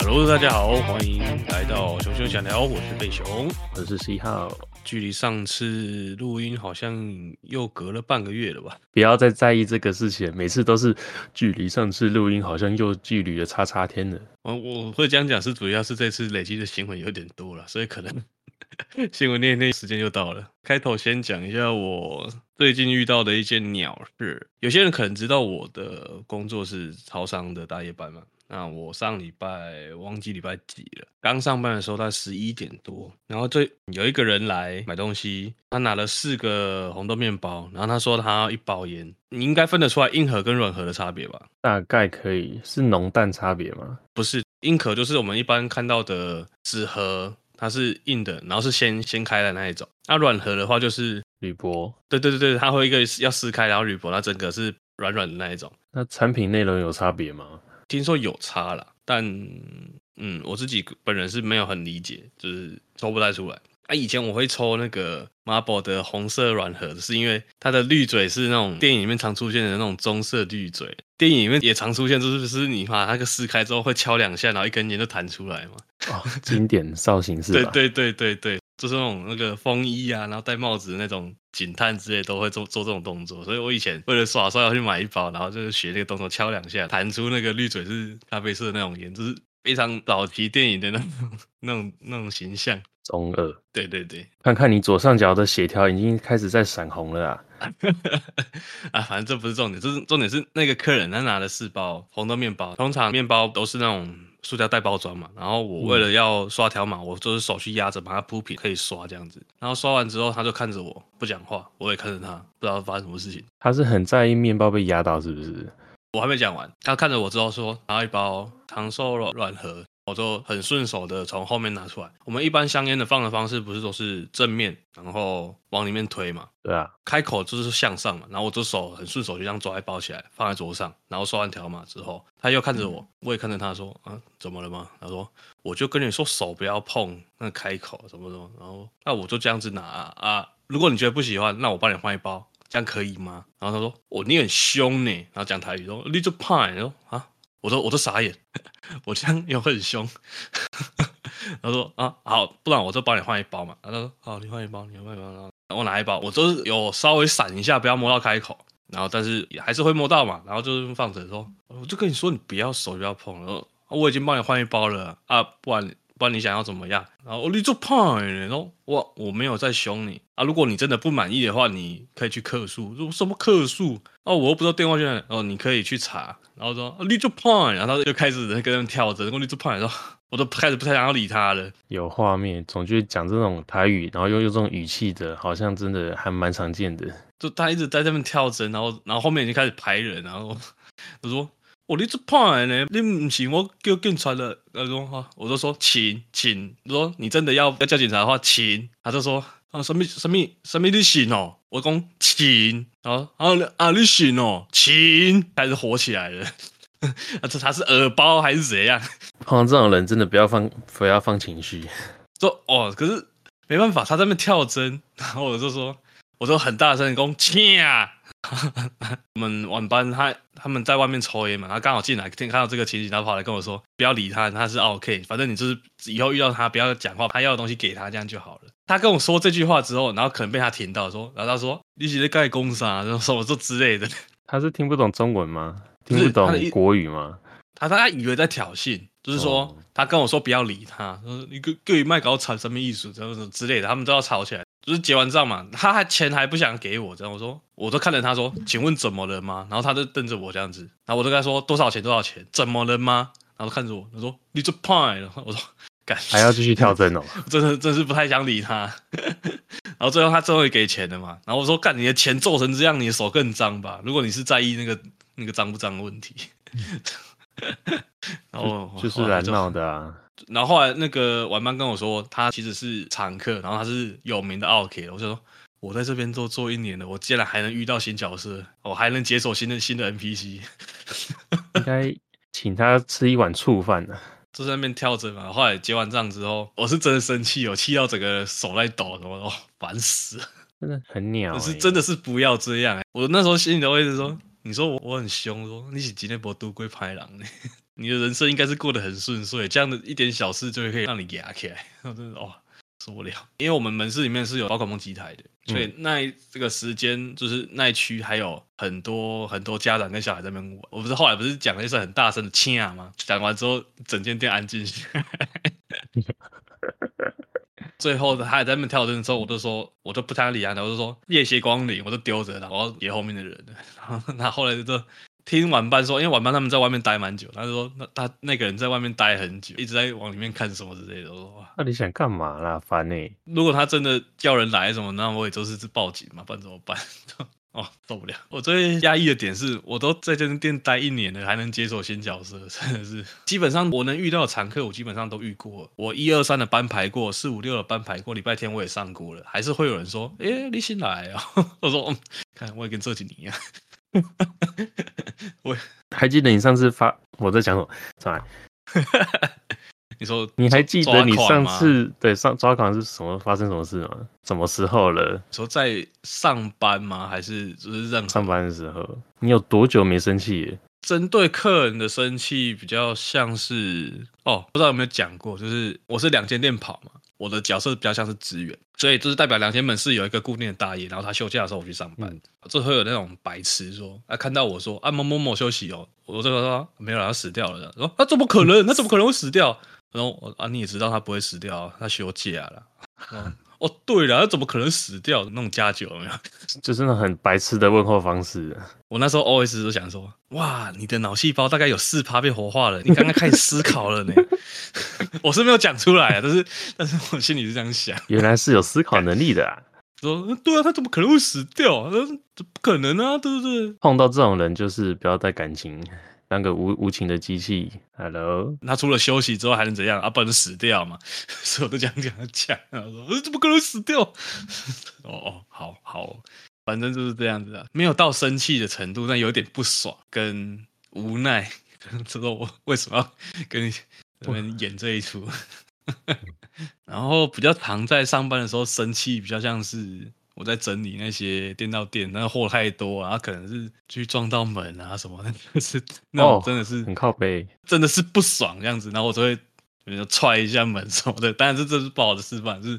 Hello，大家好，歡迎來到熊熊講聊，我是貝熊，我是十一號。距離上次錄音好像又隔了半個月了吧？不要再在意這個事情，每次都是距離上次錄音好像又距離了叉叉天了。我我會這樣講是主要是這次累積的新聞有點多了，所以可能 新聞那那時間又到了。開頭先講一下我最近遇到的一件鳥事，有些人可能知道我的工作是超商的大夜班嘛。那我上禮拜忘記禮拜幾了。剛上班的時候，大概十一點多，然後這有一個人來買東西，他拿了四個紅豆麵包，然後他說他要一包菸，你應該分得出來硬盒跟軟盒的差別吧？大概可以，是濃淡差別嗎？不是，硬殼就是我們一般看到的紙盒，它是硬的，然後是掀掀開來的那一種。那軟盒的話就是鋁箔，對對對對，它會一個要撕開，然後鋁箔它整個是軟軟的那一種。那產品內容有差別嗎？聽說有差啦，但嗯，我自己本人是沒有很理解，就是抽不太出來。啊，以前我會抽那個 Marlboro 的紅色軟盒，是因為它的濾嘴是那種電影裡面常出現的那種棕色濾嘴，電影裡面也常出現，就是是你把那個撕開之後會敲兩下，然後一根煙就彈出來嘛。哦， 經典造型是吧？對，對對對對對。就是那種那個風衣啊，然後戴帽子的那種警探之類的，都會做做這種動作。所以我以前為了耍帥要去買一包，然後就是學那個動作，敲兩下，彈出那個濾嘴是咖啡色的那種煙，就是非常老派電影的那種那種那種形象。中二。對對對，看看你左上角的血條已經開始在閃紅了啊！ 啊，反正這不是重點，這、就是重點是那個客人他拿了四包紅豆麵包，通常麵包都是那種。塑膠袋包裝嘛，然後我為了要刷條碼，嗯、我就是手去壓着把它鋪平，可以刷這樣子。然後刷完之後，他就看着我不講話，我也看着他，不知道發生什麼事情。他是很在意麵包被壓到，是不是？我還沒講完，他看着我之後說：“拿一包長壽肉軟盒。”我就很順手的從後面拿出來。我們一般香煙的放的方式不是都是正面，然後往裡面推嘛？對啊，開口就是向上嘛。然後我這手很順手就這樣抓一包起來，放在桌上，然後刷完條碼之後，他又看着我，我也看着他說，啊，怎麼了嗎？他說，我就跟你說手不要碰，那個開口怎麼怎麼，然後那我就這樣子拿啊，啊。如果你覺得不喜歡，那我幫你換一包，這樣可以嗎？然後他說，哦，你很兇呢，然後講台語說，你就怕、欸、說啊。我都我都傻眼， 我這樣又會很凶。 他說啊，好，不然我就幫你換一包嘛。然後、啊、他說好、啊，你換一包，你換一包，然後我拿一包，我就是有稍微閃一下，不要摸到開口。然後但是也還是會摸到嘛。然後就是放着說，我就跟你說，你不要手不要碰。然後我已經幫你換一包了啊，不然。不管你想要怎麼樣，然後你做 point，然後我我沒有在凶你啊。如果你真的不滿意的話，你可以去客訴。什麼客訴？哦，我又不知道電話，現在哦，你可以去查。然後說你做 point，然後他就開始跟他們跳針。然後你做 point，然後我都開始不太想要理他了。有畫面，總覺得講這種台語，然後又用這種語氣的，好像真的還蠻常見的。就他一直在那邊跳針，然後然後後面已經開始排人，然後他說。我你怎怕呢？你唔行，不我叫警察了。那種話，我就說，請，請。我說你真的要要叫警察的話，請。他就說，啊，什麼什麼什麼你行哦？我講，請。哦哦啊你行哦，請，還是火起來了。這 他，他是耳包還是怎樣？碰到這種人真的不要放不要放情緒。說哦，可是沒辦法，他在那跳針，然後我就說，我就很大聲講，請啊。 我們晚班他，他他們在外面抽煙嘛，他剛好進來聽，看到這個情形，他跑來跟我說：“不要理他，他是 O、OK，K，反正你就是以後遇到他不要講話，他要的東西給他，這樣就好了。”他跟我說這句話之後，然後可能被他聽到，說，然後他說：“你是蓋公啥，然後說我這之類的。”他是聽不懂中文嗎？聽不懂國語嗎？他他大概以為在挑釁，就是說。哦他跟我說不要理他，說一個一個賣搞產什麼意思，這樣子之類的，他們都要吵起來。就是結完賬嘛，他還錢還不想給我，這樣我說我都看着他說，請問怎麼了嗎？然後他就瞪着我這樣子，然後我就跟他說多少錢多少錢，怎麼了嗎？然後都看着我，他說你這胖。我說幹還要繼續跳針哦 真的，真的真是不太想理他。 然後最後他終於給錢了嘛，然後我說幹你的錢皺成這樣，你的手更髒吧？如果你是在意那個那個髒不髒的問題。 然後,後就是來鬧的啊！然後後來那個晚班跟我說，他其實是常客，然後他是有名的奧客。我就說，我在這邊做做一年了，我竟然還能遇到新角色，我還能解鎖新的新的 NPC。應該請他吃一碗醋飯的。就在那邊跳着嘛。後來結完賬之後，我是真的生氣，我氣到整個手在抖，我都煩死，真的很鳥欸、可是真的是不要這樣、欸，我那時候心裡頭一直說。你說我我很兇，說你是吉列博都歸拍狼，你 你的人生應該是過得很順遂，這樣的一點小事就會可以讓你牙起來，我真的哦受不了。因為我們門市裡面是有寶可夢機台的，嗯、所以那這個時間就是那一區還有很多很多家長跟小孩在那邊玩。我不是後來不是講了一聲很大聲的“嗆”嗎？講完之後整間店安靜下來。 最後他還在那跳針的時候，我都說，我都不想理他，我就說謝謝光臨，我就丟着了，我要給後面的人。然後他後來就聽晚班說，因為晚班他們在外面待蠻久，他就說那他那個人在外面待很久，一直在往裡面看什麼之類的，我說那你想幹嘛啦，煩誒！如果他真的叫人來什麼，那我也就是報警嘛，不然怎麼辦？哦，受不了！我最訝異的點是，我都在這間店待一年了，還能接受新角色，真的是。基本上我能遇到的常客，我基本上都遇過。我一二三的班排過，四五六的班排過，禮拜天我也上過了。還是會有人說：“哎、欸，你新來啊、喔！」我說、嗯：“看，我也跟這幾年一樣。 ”我還記得你上次發，我在講什麼？轉來。 你說你還記得你上次對上抓狂是什麼發生什麼事嗎？什麼時候了？你說在上班嗎？還是就是讓上班的時候？你有多久沒生氣？針對客人的生氣比較像是哦，不知道有沒有講過，就是我是兩間店跑嘛，我的角色比較像是職員，所以就是代表兩間門市有一個固定的大爺，然後他休假的時候我去上班，嗯、就會有那種白痴說啊看到我說啊某某某休息哦、喔，我說這個說、啊、沒有了，他死掉了，說他怎麼可能？嗯、他怎麼可能會死掉？然後啊，你也知道他不會死掉，他休假了。嗯。哦，對了，他怎麼可能死掉？弄加酒沒有？這真的很白痴的問候方式。我那時候 OS 都想說，哇，你的腦細胞大概有四趴被活化了，你剛剛開始思考了呢。 我是沒有講出來啊，但是但是我心裡是這樣想。原來是有思考能力的，啊。說對啊，他怎麼可能會死掉，啊？這不可能啊，對不對？碰到這種人就是不要帶感情。當個無無情的機器，Hello，他除了休息之後還能怎樣？啊，不能死掉嘛！ 所以我都講講講，我說、欸、怎麼可能死掉？ 哦哦，好好，反正就是這樣子啊沒有到生氣的程度，但有點不爽跟無奈，跟 我為什麼要跟你我們演這一出？ 然後比較常在上班的時候生氣，比較像是。我在整理那些店到店，那貨太多啊，可能是去撞到門啊什麼的，那，就是那種真的是、oh, 很靠北，真的是不爽這樣子，然後我就會就踹一下門什麼的，但是這是不好的示範，是，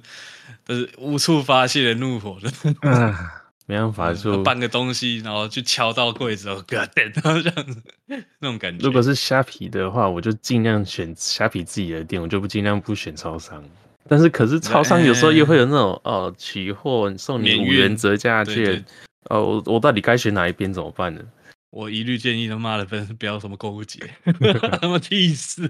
就是無處發洩的怒火的，啊、 沒辦法，就搬個東西然後去敲到櫃子，給他點到這樣子那種感覺。如果是蝦皮的話，我就儘量選蝦皮自己的店，我就不儘量不選超商。但是，可是，超商有時候又會有那種，呃、欸欸欸哦，取貨送你五元圓折價券。對對對哦，我我到底該選哪一邊怎麼辦呢？我一律建議都罵了，分不要什麼購物節，他媽氣死！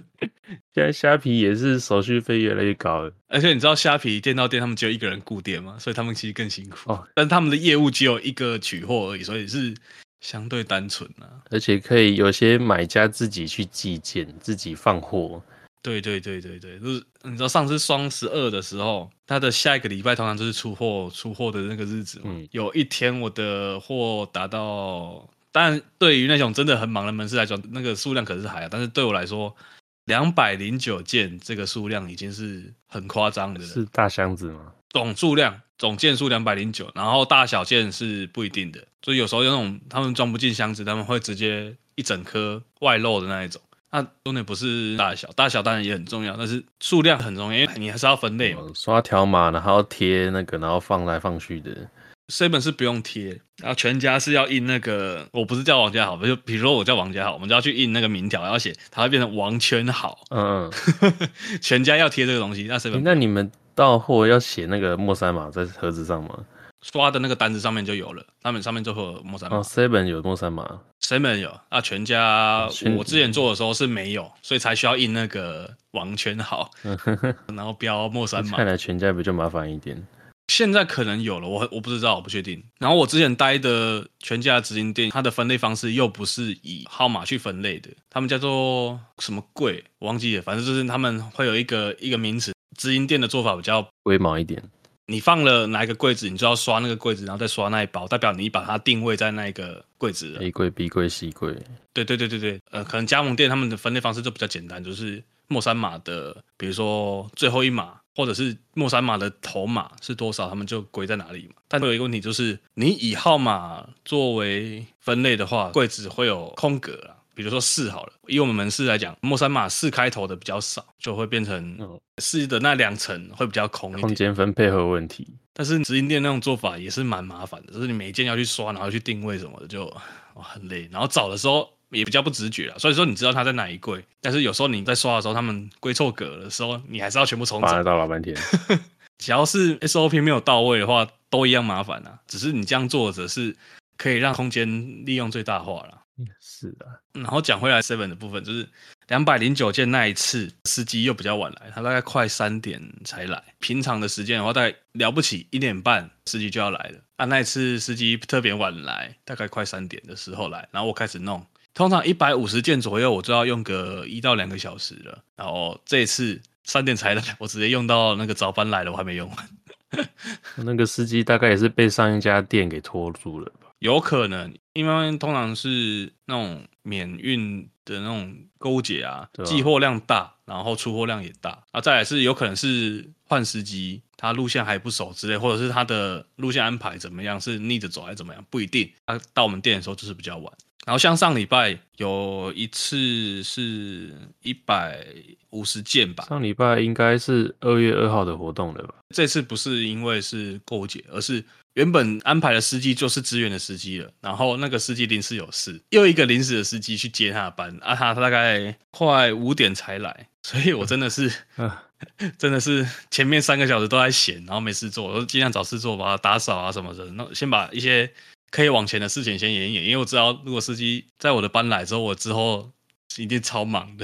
現在蝦皮也是手續費越來越高了，而且你知道蝦皮店到店他們只有一個人顧店嘛，所以他們其實更辛苦。哦，但他們的業務只有一個取貨而已，所以是相對單純啊，而且可以有些買家自己去寄件，自己放貨。對對對對對，就是你知道上次雙十二的時候，他的下一個禮拜通常就是出貨出貨的那個日子嘛。嗯。有一天我的貨達到，但對於那種真的很忙的門市來說，那個數量可是還啊，但是對我來說，兩百零九件這個數量已經是很誇張的。是大箱子嗎？總數量總件數兩百零九，然後大小件是不一定的，所以有時候有那種他們裝不進箱子，他們會直接一整顆外露的那一種。那重點不是大小，大小當然也很重要，但是數量很重要，因為你還是要分類嘛。刷條碼，然後貼那個，然後放來放去的。seven 是不用貼，然後，啊，全家是要印那個。我不是叫王家好，就比如說我叫王家好，我們就要去印那個名條，然後寫，它會變成王圈好。嗯 全家要貼這個東西。那 seven，嗯，那你們到貨要寫那個莫塞碼在盒子上嗎？刷的那個單子上面就有了，他們上面就會有墨三碼。seven、oh, 有墨三碼，seven 有。啊，全家我之前做的時候是沒有，所以才需要印那個王圈號， 然後標墨三碼。看來全家比較麻煩一點。現在可能有了，我我不知道，我不確定。然後我之前待的全家的直營店，它的分類方式又不是以號碼去分類的，他們叫做什麼櫃，我忘記了，反正就是他們會有一個一個名詞。直營店的做法比較微茫一點。你放了哪一個櫃子，你就要刷那個櫃子，然後再刷那一包，代表你把它定位在那個櫃子。A 櫃、B 櫃、C 櫃，對對對對對，呃，可能加盟店他們的分類方式就比較簡單，就是末三碼的，比如說最後一碼，或者是末三碼的頭碼是多少，他們就歸在哪裡嘛。但會有一個問題就是，你以號碼作為分類的話，櫃子會有空格啊。比如說四好了，以我們門市來講，莫山碼四開頭的比較少，就會變成四的那兩層會比較空。空間分配合問題。但是直營店那種做法也是蠻麻煩的，就是你每一件要去刷，然後去定位什麼的就哇很累。然後找的時候也比較不直覺啊，所以說你知道它在哪一櫃，但是有時候你在刷的時候，他們歸錯格的時候，你還是要全部重找，找老半天。 只要是 SOP 沒有到位的話，都一樣麻煩啊。只是你這樣做則是可以讓空間利用最大化了。是的、啊，然後講回來 seven 的部分，就是兩百零九件那一次，司機又比較晚來，他大概快三點才來。平常的時間的話，大概了不起一點半，司機就要來了。啊，那一次司機特別晚來，大概快三點的時候來，然後我開始弄。通常一百五十件左右，我就要用個一到兩個小時了。然後這一次三點才來，我直接用到那個早班來了，我還沒用完。 那個司機大概也是被上一家店給拖住了。有可能，因為通常是那種免運的那種購物節啊，啊寄貨量大，然後出貨量也大啊。再來是有可能是換司機，他路線還不熟之類，或者是他的路線安排怎麼樣，是逆着走還是怎麼樣，不一定。他到我們店的時候就是比較晚。然後像上禮拜有一次是一百五十件吧，上禮拜應該是二月二號的活動了吧？這次不是因為是購物節，而是。原本安排的司機就是支援的司機了，然後那個司機臨時有事，又一個臨時的司機去接他的班啊，他大概快五點才來，所以我真的是， 真的是前面三個小時都在閒，然後沒事做，我儘量找事做，把它打掃啊什麼的，那先把一些可以往前的事情先延一延，因為我知道如果司機在我的班來之後，我之後一定超忙的，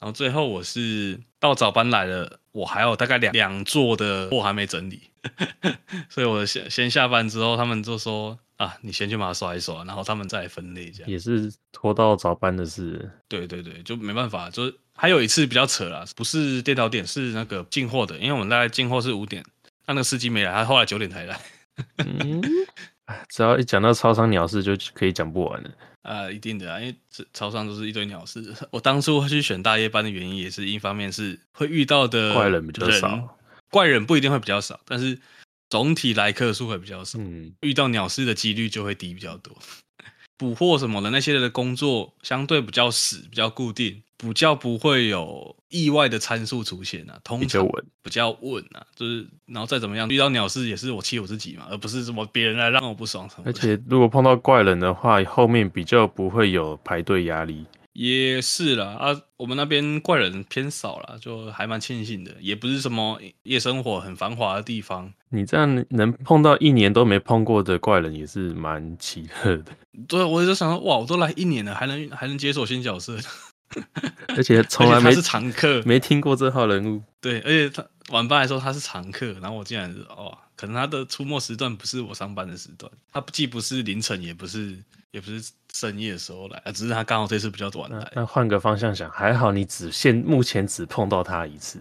然後最後我是到早班來了，我還有大概兩兩座的貨還沒整理。 所以，我先先下班之後，他們就說啊，你先去把它刷一刷，然後他們再來分類一下。也是拖到早班的事。對對對，就沒辦法。就是還有一次比較扯啦，不是電腦點，是那個進貨的，因為我們大概進貨是五點，啊、那個司機沒來，他後來九點才來。 嗯，只要一講到超商鳥事，就可以講不完了。啊、呃，一定的啊，因為超商都是一堆鳥事。我當初會去選大夜班的原因，也是一方面是會遇到的壞人比較少。怪人不一定會比較少，但是總體來客數會比較少，嗯、遇到鳥事的幾率就會低比較多。 捕獲什麼的那些人的工作相對比較死，比較固定，比較不會有意外的參數出現啊，比較穩，比較穩啊。就是，然後再怎麼樣，遇到鳥事也是我氣我自己嘛，而不是什麼別人來讓我不爽，不爽。而且如果碰到怪人的話，後面比較不會有排隊壓力。也是啦，啊，我們那邊怪人偏少啦，就還蠻慶幸的，也不是什麼夜生活很繁華的地方。你這樣能碰到一年都沒碰過的怪人，也是蠻奇特的。對，我就想說，哇，我都來一年了，還能還能解鎖新角色， 而且從來沒是常客，沒聽過這號人物。對，而且他晚班還說他是常客，然後我竟然說，哦，可能他的出沒時段不是我上班的時段，他既不是凌晨，也不是。也不是深夜的時候來啊，只是他剛好這次比較短的那。那換個方向想，還好你只現目前只碰到他一次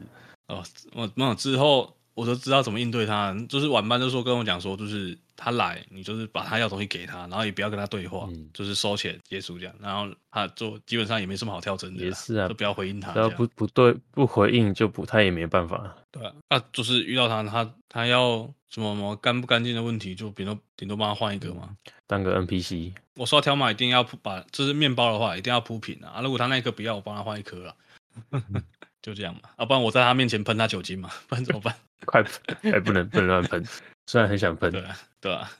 哦，那那之後。我都知道怎麼應對他，就是晚班的時候跟我講說，就是他來，你就是把他要東西給他，然後也不要跟他對話，嗯、就是收錢結束這樣，然後他就基本上也沒什麼好跳針的，也是啊，都不要回應他，這樣只要不不對，不回應就不，他也沒辦法，對啊，啊就是遇到他他他要什麼什麼乾不乾淨的問題就，就頂多頂多幫他換一個嘛，當個 NPC，我刷條碼一定要鋪把，就是麵包的話一定要鋪平啊，啊如果他那顆不要，我幫他換一顆了。 就這樣嘛，啊，不然我在他面前噴他酒精嘛，不然怎麼辦？ 快噴！哎、欸，不能不能亂噴， 雖然很想噴。對啊，對啊，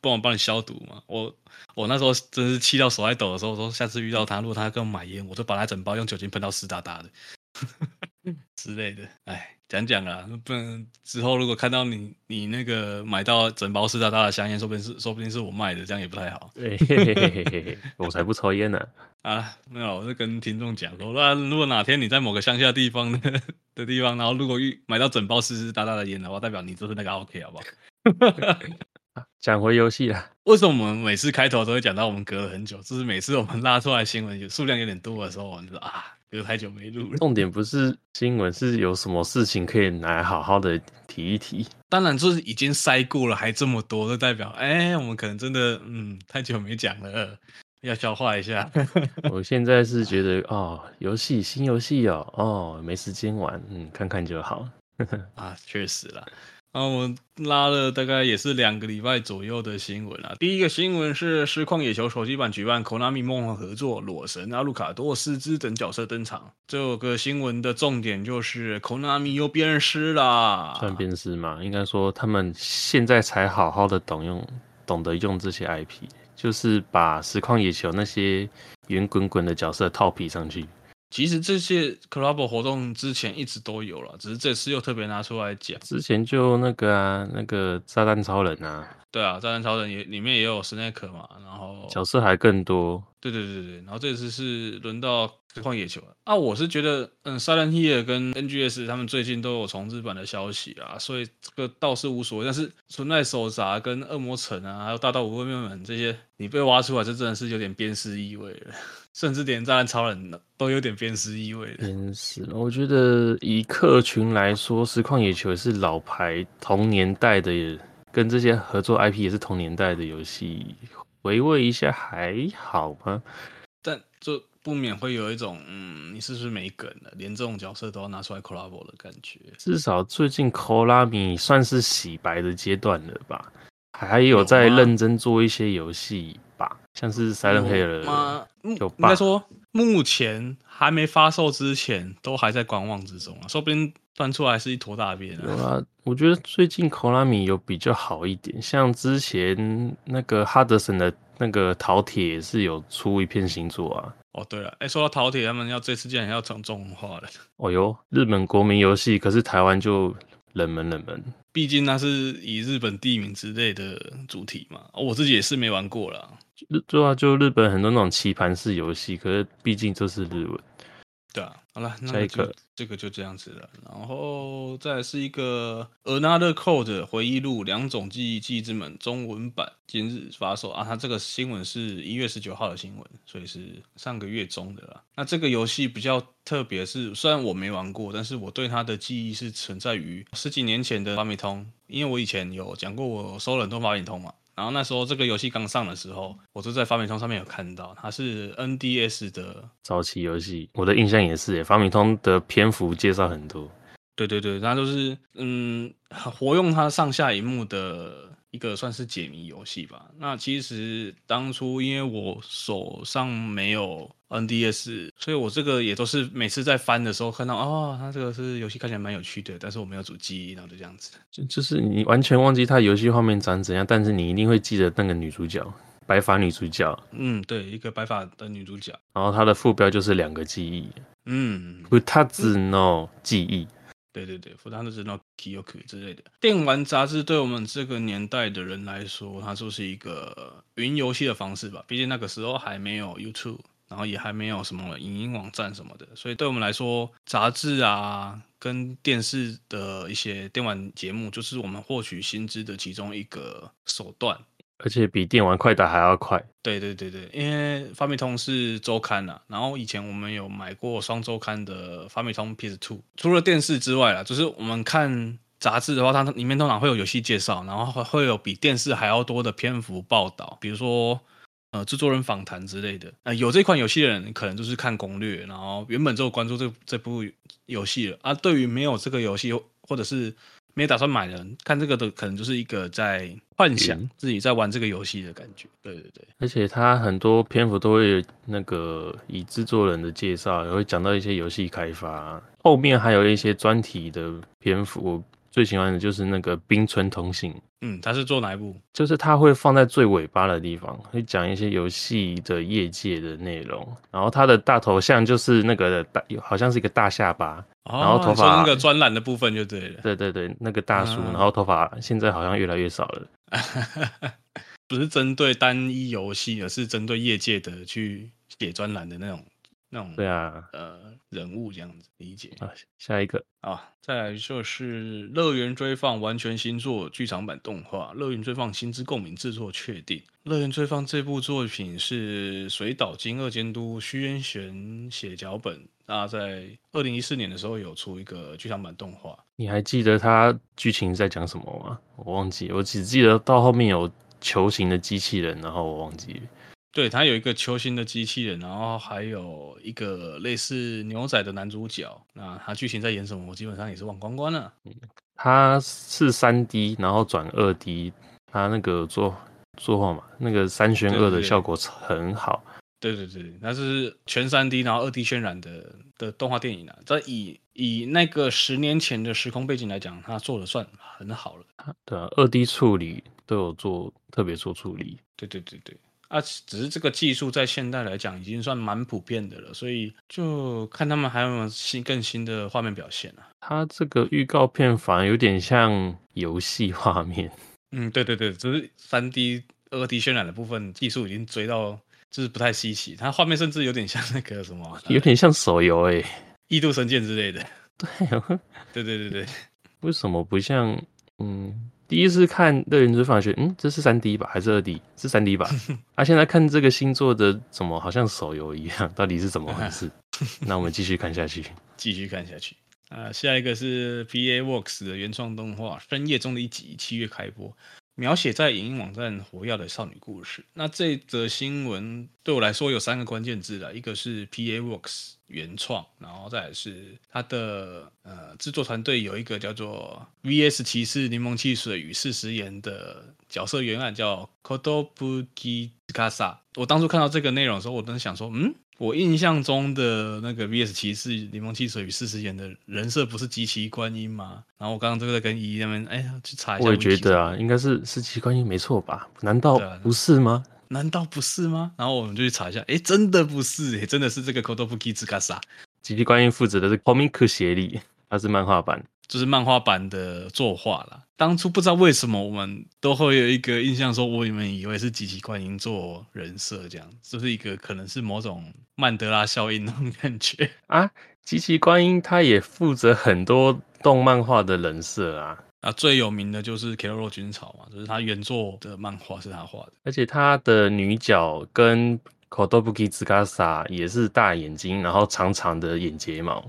不然我幫你消毒嘛。我我那時候真是氣到手在抖的時候，我說下次遇到他，如果他要跟我買菸，我就把他整包用酒精噴到濕噠噠的。 嗯之類的，哎，講講啊，不然之後如果看到你你那個買到整包濕噠噠的香菸，說不定是說不定是我賣的，這樣也不太好。我才不抽菸呢。啊，啊，沒有，我是跟聽眾講過，那如果哪天你在某個鄉下的地方的的地方，然後如果遇買到整包濕濕噠噠的菸的話，代表你就是那個 OK，好不好？講 回遊戲了，為什麼我們每次開頭都會講到我們隔了很久？就是每次我們拉出來新聞有數量有點多的時候，我們就說啊。有太久沒錄了，重點不是新聞，是有什麼事情可以來好好的提一提。當然，就是已經塞過了，還這麼多，就代表哎、欸，我們可能真的嗯，太久沒講了，要消化一下。 我現在是覺得哦，遊戲新遊戲哦哦，沒時間玩，嗯，看看就好。 啊，確實啦。啊，我拉了大概也是兩個禮拜左右的新聞了，啊。第一個新聞是《實況野球》手機版舉辦《Konami 夢幻合作》，裸神阿魯卡多、獅子等角色登場。這個新聞的重點就是 Konami 又變屍啦，算變屍嗎？應該說他們現在才好好的懂用，懂得用這些 IP，就是把《實況野球》那些圓滾滾的角色套皮上去。其實這些 club 活動之前一直都有了，只是這次又特別拿出來講。之前就那個啊，那個炸彈超人啊。對啊，炸彈超人也裡面也有 Snake 嘛，然後角色還更多。對對對對，然後這次是輪到。實況野球啊，啊我是覺得，嗯，Silent Hill 跟 NGS 他們最近都有重製版的消息啊，所以這個倒是無所謂。但是純愛手札跟惡魔城啊，還有大盜五右衛門這些，你被挖出來，這真的是有點鞭屍意味了。甚至連炸彈超人，都有點鞭屍意味了。鞭屍，我覺得以客群來說，實況野球也是老牌同年代的，跟這些合作 IP 也是同年代的遊戲，回味一下還好嗎？不免會有一種，嗯，你是不是沒梗了？連這種角色都要拿出來 collab 的感覺。至少最近 Konami 算是洗白的階段了吧？還有在認真做一些遊戲吧，嗎像是 Silent Hill。有吧你，你在說，目前還沒發售之前都還在觀望之中啊，說不定端出來是一坨大便啊，有啊。我覺得最近 Konami 有比較好一點，像之前那個哈德森的那個桃鐵，也是有出一篇新作啊。哦，對了，哎，說到桃鐵，他們要這次竟然要講中文化了。哦喲，日本國民遊戲，可是台灣就冷門冷門，畢竟那是以日本地名之類的主題嘛。哦、我自己也是沒玩過啦。對啊，就日本很多那種棋盤式遊戲，可是畢竟這是日文。嗯對啊，好了，那,那這個這個就這樣子了，然後再來是一個 Another Code 回憶錄，兩種記憶記憶之門中文版今日發售啊，它這個新聞是一月十九號的新聞，所以是上個月中的啦。那這個遊戲比較特別，是雖然我沒玩過，但是我對它的記憶是存在於十幾年前的法米通，因為我以前有講過我收了蠻多法米通嘛。然後那時候這個遊戲剛上的時候，我就在發米通上面有看到，它是 NDS 的早期遊戲，我的印象也是耶，發米通的篇幅介紹很多。對對對，大家就是嗯，活用它上下螢幕的，一個算是解謎遊戲吧。那其實當初因為我手上沒有 NDS，所以我這個也都是每次在翻的時候看到，哦，它這個是遊戲看起來蠻有趣的，但是我沒有主機，然後就這樣子。就就是你完全忘記它遊戲畫面長怎樣，但是你一定會記得那個女主角，白髮女主角。嗯，對，一個白髮的女主角。然後它的副標就是兩個記憶。嗯，不，它只能記憶。對對對，福岡是知道 k y o k 之類的電玩雜誌，對我們這個年代的人來說，它就是一個雲遊戲的方式吧。畢竟那個時候還沒有 YouTube，然後也還沒有什麼影音網站什麼的，所以對我們來說，雜誌啊跟電視的一些電玩節目，就是我們獲取新知的其中一個手段。而且比電玩快打還要快。對對對對，因為 Fami 通是週刊了，啊，然後以前我們有買過雙週刊的 Fami 通 PS2。除了電視之外啦，就是我們看雜誌的話，它裡面通常會有遊戲介紹，然後會會有比電視還要多的篇幅報道，比如說呃製作人訪談之類的。呃，有這款遊戲的人可能就是看攻略，然後原本就關注這這部遊戲了。啊，對於沒有這個遊戲或者是沒打算買人，看這個的可能就是一個在幻想自己在玩這個遊戲的感覺。嗯、對對對，而且他很多篇幅都會有那個以制作人的介紹，也會講到一些遊戲開發，後面還有一些專題的篇幅。最喜歡的就是那個濱村通信，嗯，他是做哪一部？就是他會放在最尾巴的地方，會講一些遊戲的業界的內容。然後他的大頭像就是那個大，好像是一個大下巴，哦、然後頭髮。那個專欄的部分就對了。對對對，那個大叔，嗯、然後頭髮現在好像越來越少了。 不是針對單一遊戲，而是針對業界的去寫專欄的那種。那種對啊，呃，人物這樣子理解啊。下一個啊，再來就是《樂園追放》完全新作劇場版動畫，《樂園追放心之共鳴》製作確定。《樂園追放》這部作品是水島精二監督、虛淵玄寫腳本，那在二零一四年的時候有出一個劇場版動畫。你還記得它劇情在講什麼嗎？我忘記，我只記得到後面有球形的機器人，然後我忘記。對他有一個球形的機器人，然後還有一個類似牛仔的男主角。那他劇情在演什麼，我基本上也是忘光光了、啊。它是三 D，然後轉二 D，它那個做做畫嘛，那個三渲二的效果很好。對對對,對對對，他是全三 D，然後二 D 渲染的的動畫電影啊。在以以那個十年前的時空背景來講，它做得算很好了。對、啊，二 D 處理都有做特別做處理。對,對對對對。啊，只是這個技術在現代來講已經算蠻普遍的了，所以就看他們還有沒有新更新的畫面表現了、啊。它這個預告片反而有點像遊戲畫面。嗯，對對對，只、就是三 D、二 D 渲染的部分技術已經追到，就是不太稀奇。它畫面甚至有點像那個什麼，有點像手遊哎、欸，異度神劍之類的。對哦， 對，對對對對，為什麼不像嗯？第一次看《樂園之法學》，嗯，這是三 D 吧，還是二 D？是三 D 吧？ 啊，現在看這個新作的怎麼，好像手遊一樣，到底是怎麼回事？ 那我們繼續看下去，繼續看下去。啊，下一個是 PA Works 的原創動畫《深夜中的一集》，七月開播。描寫在影音網站活躍的少女故事，那這則新聞對我來說有三個關鍵字啦，一個是 P A Works 原創，然後再來是它的呃製作團隊有一個叫做 V S 騎士檸檬汽水與四十炎的角色原案叫 Kotobuki Tsukasa。我當初看到這個內容的時候，我都想說，嗯。我印象中的那個 V S 騎士檸檬汽水與四十眼的人設不是吉崎觀音嗎？然後我剛剛都在跟依依他們，哎、欸、呀，去查一下。我也覺得啊，應該是是吉崎觀音沒錯吧？難道不是嗎、啊？難道不是嗎？然後我們就去查一下，哎、欸，真的不是，真的是這個 Kotobuki Gasa。吉崎觀音負責的是 comic 協力，他是漫畫版。就是漫畫版的作畫啦。當初不知道為什麼，我們都會有一個印象，說我原本以為是吉崎觀音做人設，這樣，就是，是一個可能是某種曼德拉效應那種感覺啊。吉崎觀音它也負責很多動漫畫的人設啊，啊，最有名的就是《Keroro 軍曹嘛，就是它原作的漫畫是他畫的，而且他的女角跟 Kotobuki Tsukasa 也是大眼睛，然後長長的眼睫毛。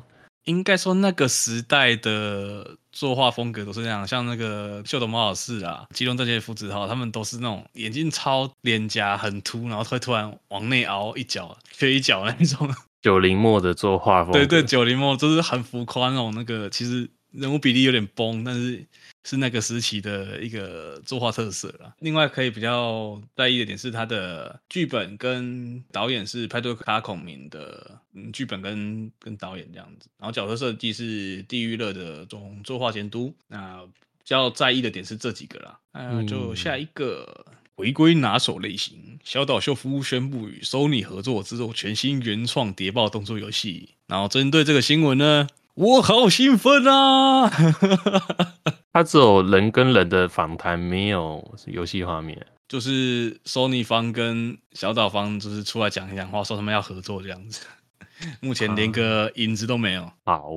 應該說，那個時代的作畫風格都是這樣，像那個秀逗貓老師啊、吉隆這些父子哈，他們都是那種眼睛超、臉頰很凸，然後會突然往內凹一腳、缺一腳那種。九零末的作畫風格，對對，對，九零末就是很浮誇那種，那個其實人物比例有點崩，但是。是那個時期的一個作畫特色啦。另外，可以比較在意的點是它的劇本跟導演，是派對卡孔明的劇本跟跟導演這樣子。然後角色設計是地獄樂的總作畫監督。那比較在意的點是這幾個啦。嗯，就下一個回歸拿手類型，小島秀夫宣布與 Sony 合作制作全新原創諜報動作遊戲。然後針對這個新聞呢，我好興奮啊！ 他只有人跟人的訪談，沒有遊戲畫面。就是 Sony 方跟小島方就是出來講一講話，說他們要合作這樣子。 目前連個影子都沒有。啊、好、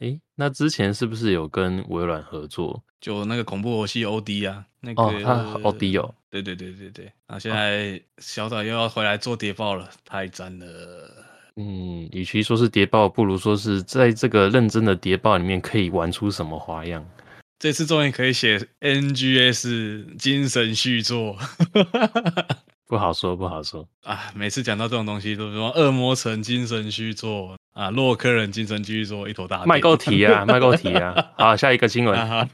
欸，那之前是不是有跟微軟合作？就那個恐怖遊戲 OD 啊，那個哦，OD 有，他對對對對對。啊，現在小島又要回來做諜報了，哦、太讚了。嗯，與其說是諜報，不如說是在這個認真的諜報裡面可以玩出什麼花樣。這次終於可以寫 NGS 精神續作 不，不好說不好說啊！每次講到這種東西，都說惡魔城精神續作啊，洛克人精神續作，一坨大便麥溝提啊， 麥溝提啊！好，下一個新聞啊、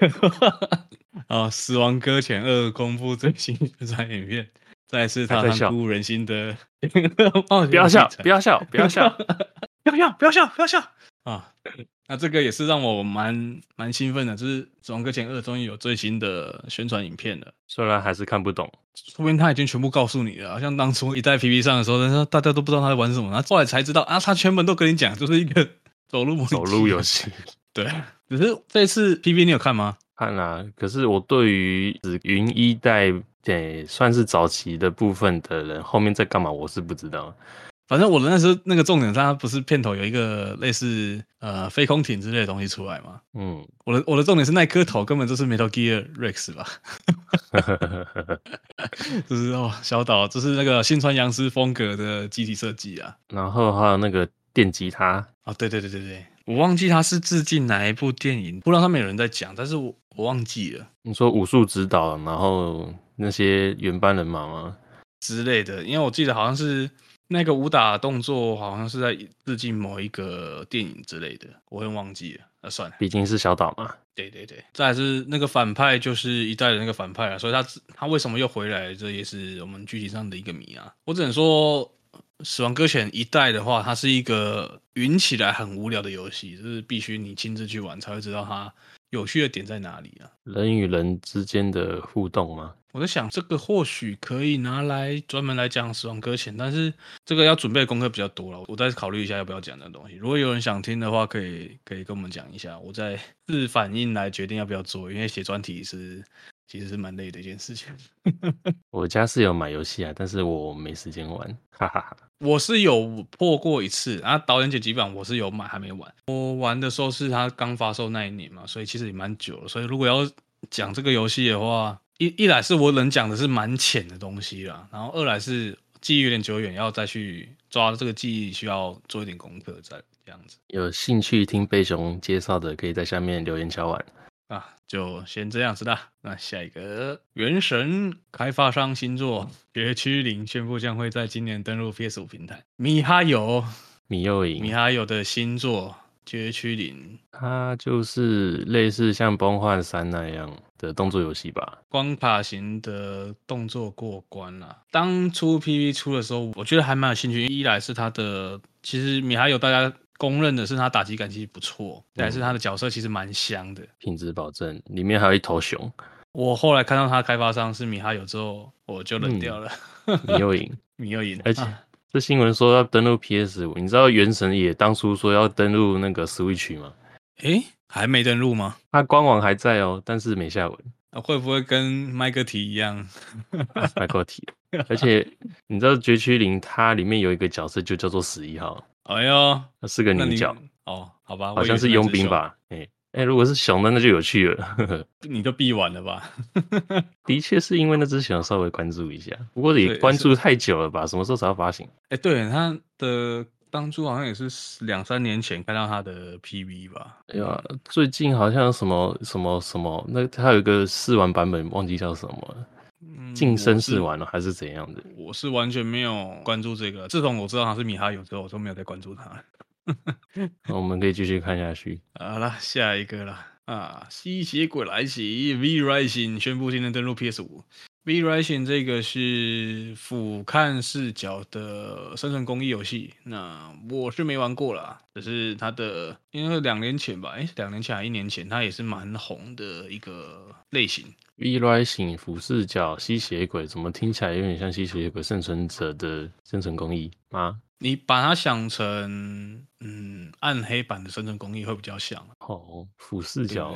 嗯， 死亡擱淺二公布最新宣傳影片，再次踏上鼓舞人心的不要，哦、不要笑，不要笑，不要笑， 不要笑，不要笑，不要笑啊！ 那這個也是讓我蠻蠻興奮的，就是《死亡擱淺二》終於有最新的宣傳影片了，雖然還是看不懂。後面他已經全部告訴你了，好像當初一代 PV 上的時候，大家大家都不知道他在玩什麼，然後後來才知道啊，他全部都跟你講，就是一個走路模走路遊戲。對，只是這次 PV 你有看嗎？看啊，可是我對於子云一代得、欸、算是早期的部分的人，後面在幹嘛我是不知道。反正我的那時候那個重點，它不是片頭有一個類似呃飛空艇之類的東西出來嗎？嗯，我的我的重點是那顆頭根本就是 Metal Gear Rex 吧？這、 就是哦，小島，這、就是那個新川洋司風格的機體設計啊。然後還有那個電吉他啊、哦，對對對對對，我忘記它是致敬哪一部電影，不知道他們有人在講，但是我我忘記了。你說武術指導，然後那些原班人馬嗎？之類的，因為我記得好像是。那個武打動作好像是在致敬某一個電影之類的，我有點忘記了。那、啊、算了，畢竟是小島嘛。對對對，再來是那個反派就是一代的那個反派了、啊，所以他他為什麼又回來，這也是我們劇情上的一個謎啊。我只能說，《死亡擱淺》一代的話，它是一個雲起來很無聊的遊戲，就是必須你親自去玩才會知道它。有趣的點在哪裡啊？人與人之間的互動嗎？我在想，這個或許可以拿來專門來講死亡擱淺，但是這個要準備的功課比較多了，我再考慮一下要不要講這個東西。如果有人想聽的話，可以可以跟我們講一下，我再自反應來決定要不要做，因為寫專題是其實是蠻累的一件事情。 我家是有買遊戲啊，但是我沒時間玩，哈哈哈，哈。我是有破過一次啊，導演剪輯版我是有買，還沒玩。我玩的時候是它剛發售那一年嘛，所以其實也蠻久了。所以如果要講這個遊戲的話，一一來是我能講的是蠻淺的東西啦，然後二來是記憶有點久遠，要再去抓這個記憶，需要做一點功課再這樣子。有興趣聽貝熊介紹的，可以在下面留言敲碗。啊，就先這樣子啦，那下一個，原神開發商新作《絕區零》宣布將會在今年登陸 PS 五平台。米哈游、米柚影、米哈游的新作《絕區零》，它就是類似像《崩壞三》那樣的動作遊戲吧？光爬型的動作過關了、啊。當初 PV 出的時候，我覺得還蠻有興趣，一來是它的，其實米哈游大家。公認的是，它打擊感其實不錯，嗯、但是它的角色其實蠻香的，品質保證。裡面還有一頭熊。我後來看到它開發商是米哈遊之後，我就冷掉了。米、嗯、又贏，米 又贏。而且、啊、這新聞說要登陸 PS 五，你知道《原神》也當初說要登陸那個 Switch 嗎？哎、欸，還沒登陸嗎？它官網還在哦、喔，但是沒下文。啊、會不會跟《麥克提》一樣？麥克提。而且你知道《絕區零》它裡面有一個角色就叫做十一號。哎呦，是個女角你哦，好吧，好像是傭兵吧？哎哎、欸欸，如果是熊的那就有趣了。 你都閉完了吧？ 的確是因為那只熊稍微關注一下，不過也關注太久了吧？什麼時候才要發行？哎、欸，對，他的當初好像也是兩三年前看到他的 PV 吧？哎呀、啊，最近好像什麼什麼什麼，那他有個試玩版本，忘記叫什麼了。近身試玩了還是怎樣的我？我是完全沒有關注這個。自從我知道他是米哈遊之後，我都沒有再關注他。那我們可以繼續看下去。好了，下一個了啊！吸血鬼來襲，V Rising 宣布今天登陸 PS 5。V Rising 這個是俯瞰視角的生存工藝遊戲，那我是沒玩過啦，只是它的因為兩年前吧，哎、欸，兩年前還一年前，它也是蠻紅的一個類型。V Rising 俯視角吸血鬼，怎麼聽起來有點像吸血鬼生存者的生存工藝嗎？你把它想成，嗯，暗黑版的生成工藝會比較像。哦，oh, 俯視角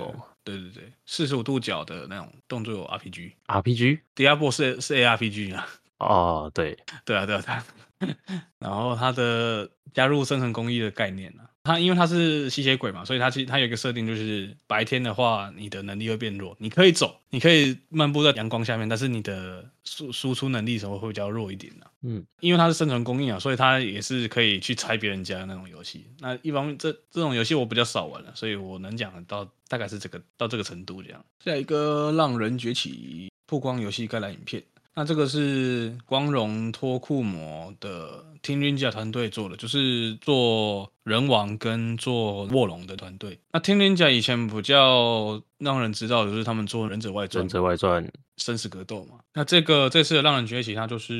對對，對對對，四十五度角的那種動作有 RPG，RPG，Diablo 是是 ARPG 啊。哦，對，對啊，對啊，對。 然後他的加入生存工藝的概念呢、啊？他因為他是吸血鬼嘛，所以他其實有一個設定就是白天的話，你的能力會變弱，你可以走，你可以漫步在陽光下面，但是你的輸輸出能力什麼會比較弱一點呢、啊？嗯，因為他是生存工藝啊，所以他也是可以去拆別人家的那種遊戲。那一方面這，這這種遊戲我比較少玩了、啊，所以我能講到大概是這個到這個程度這樣。下一個《浪人崛起》曝光遊戲概覽影片。那這個是光榮特庫摩的 Team Ninja 團隊做的，就是做仁王跟做臥龍的團隊。那 Team Ninja 以前比較讓人知道，就是他們做《忍者外傳》《忍者外傳》生死格鬥嘛。那這個這次的浪人崛起，它就是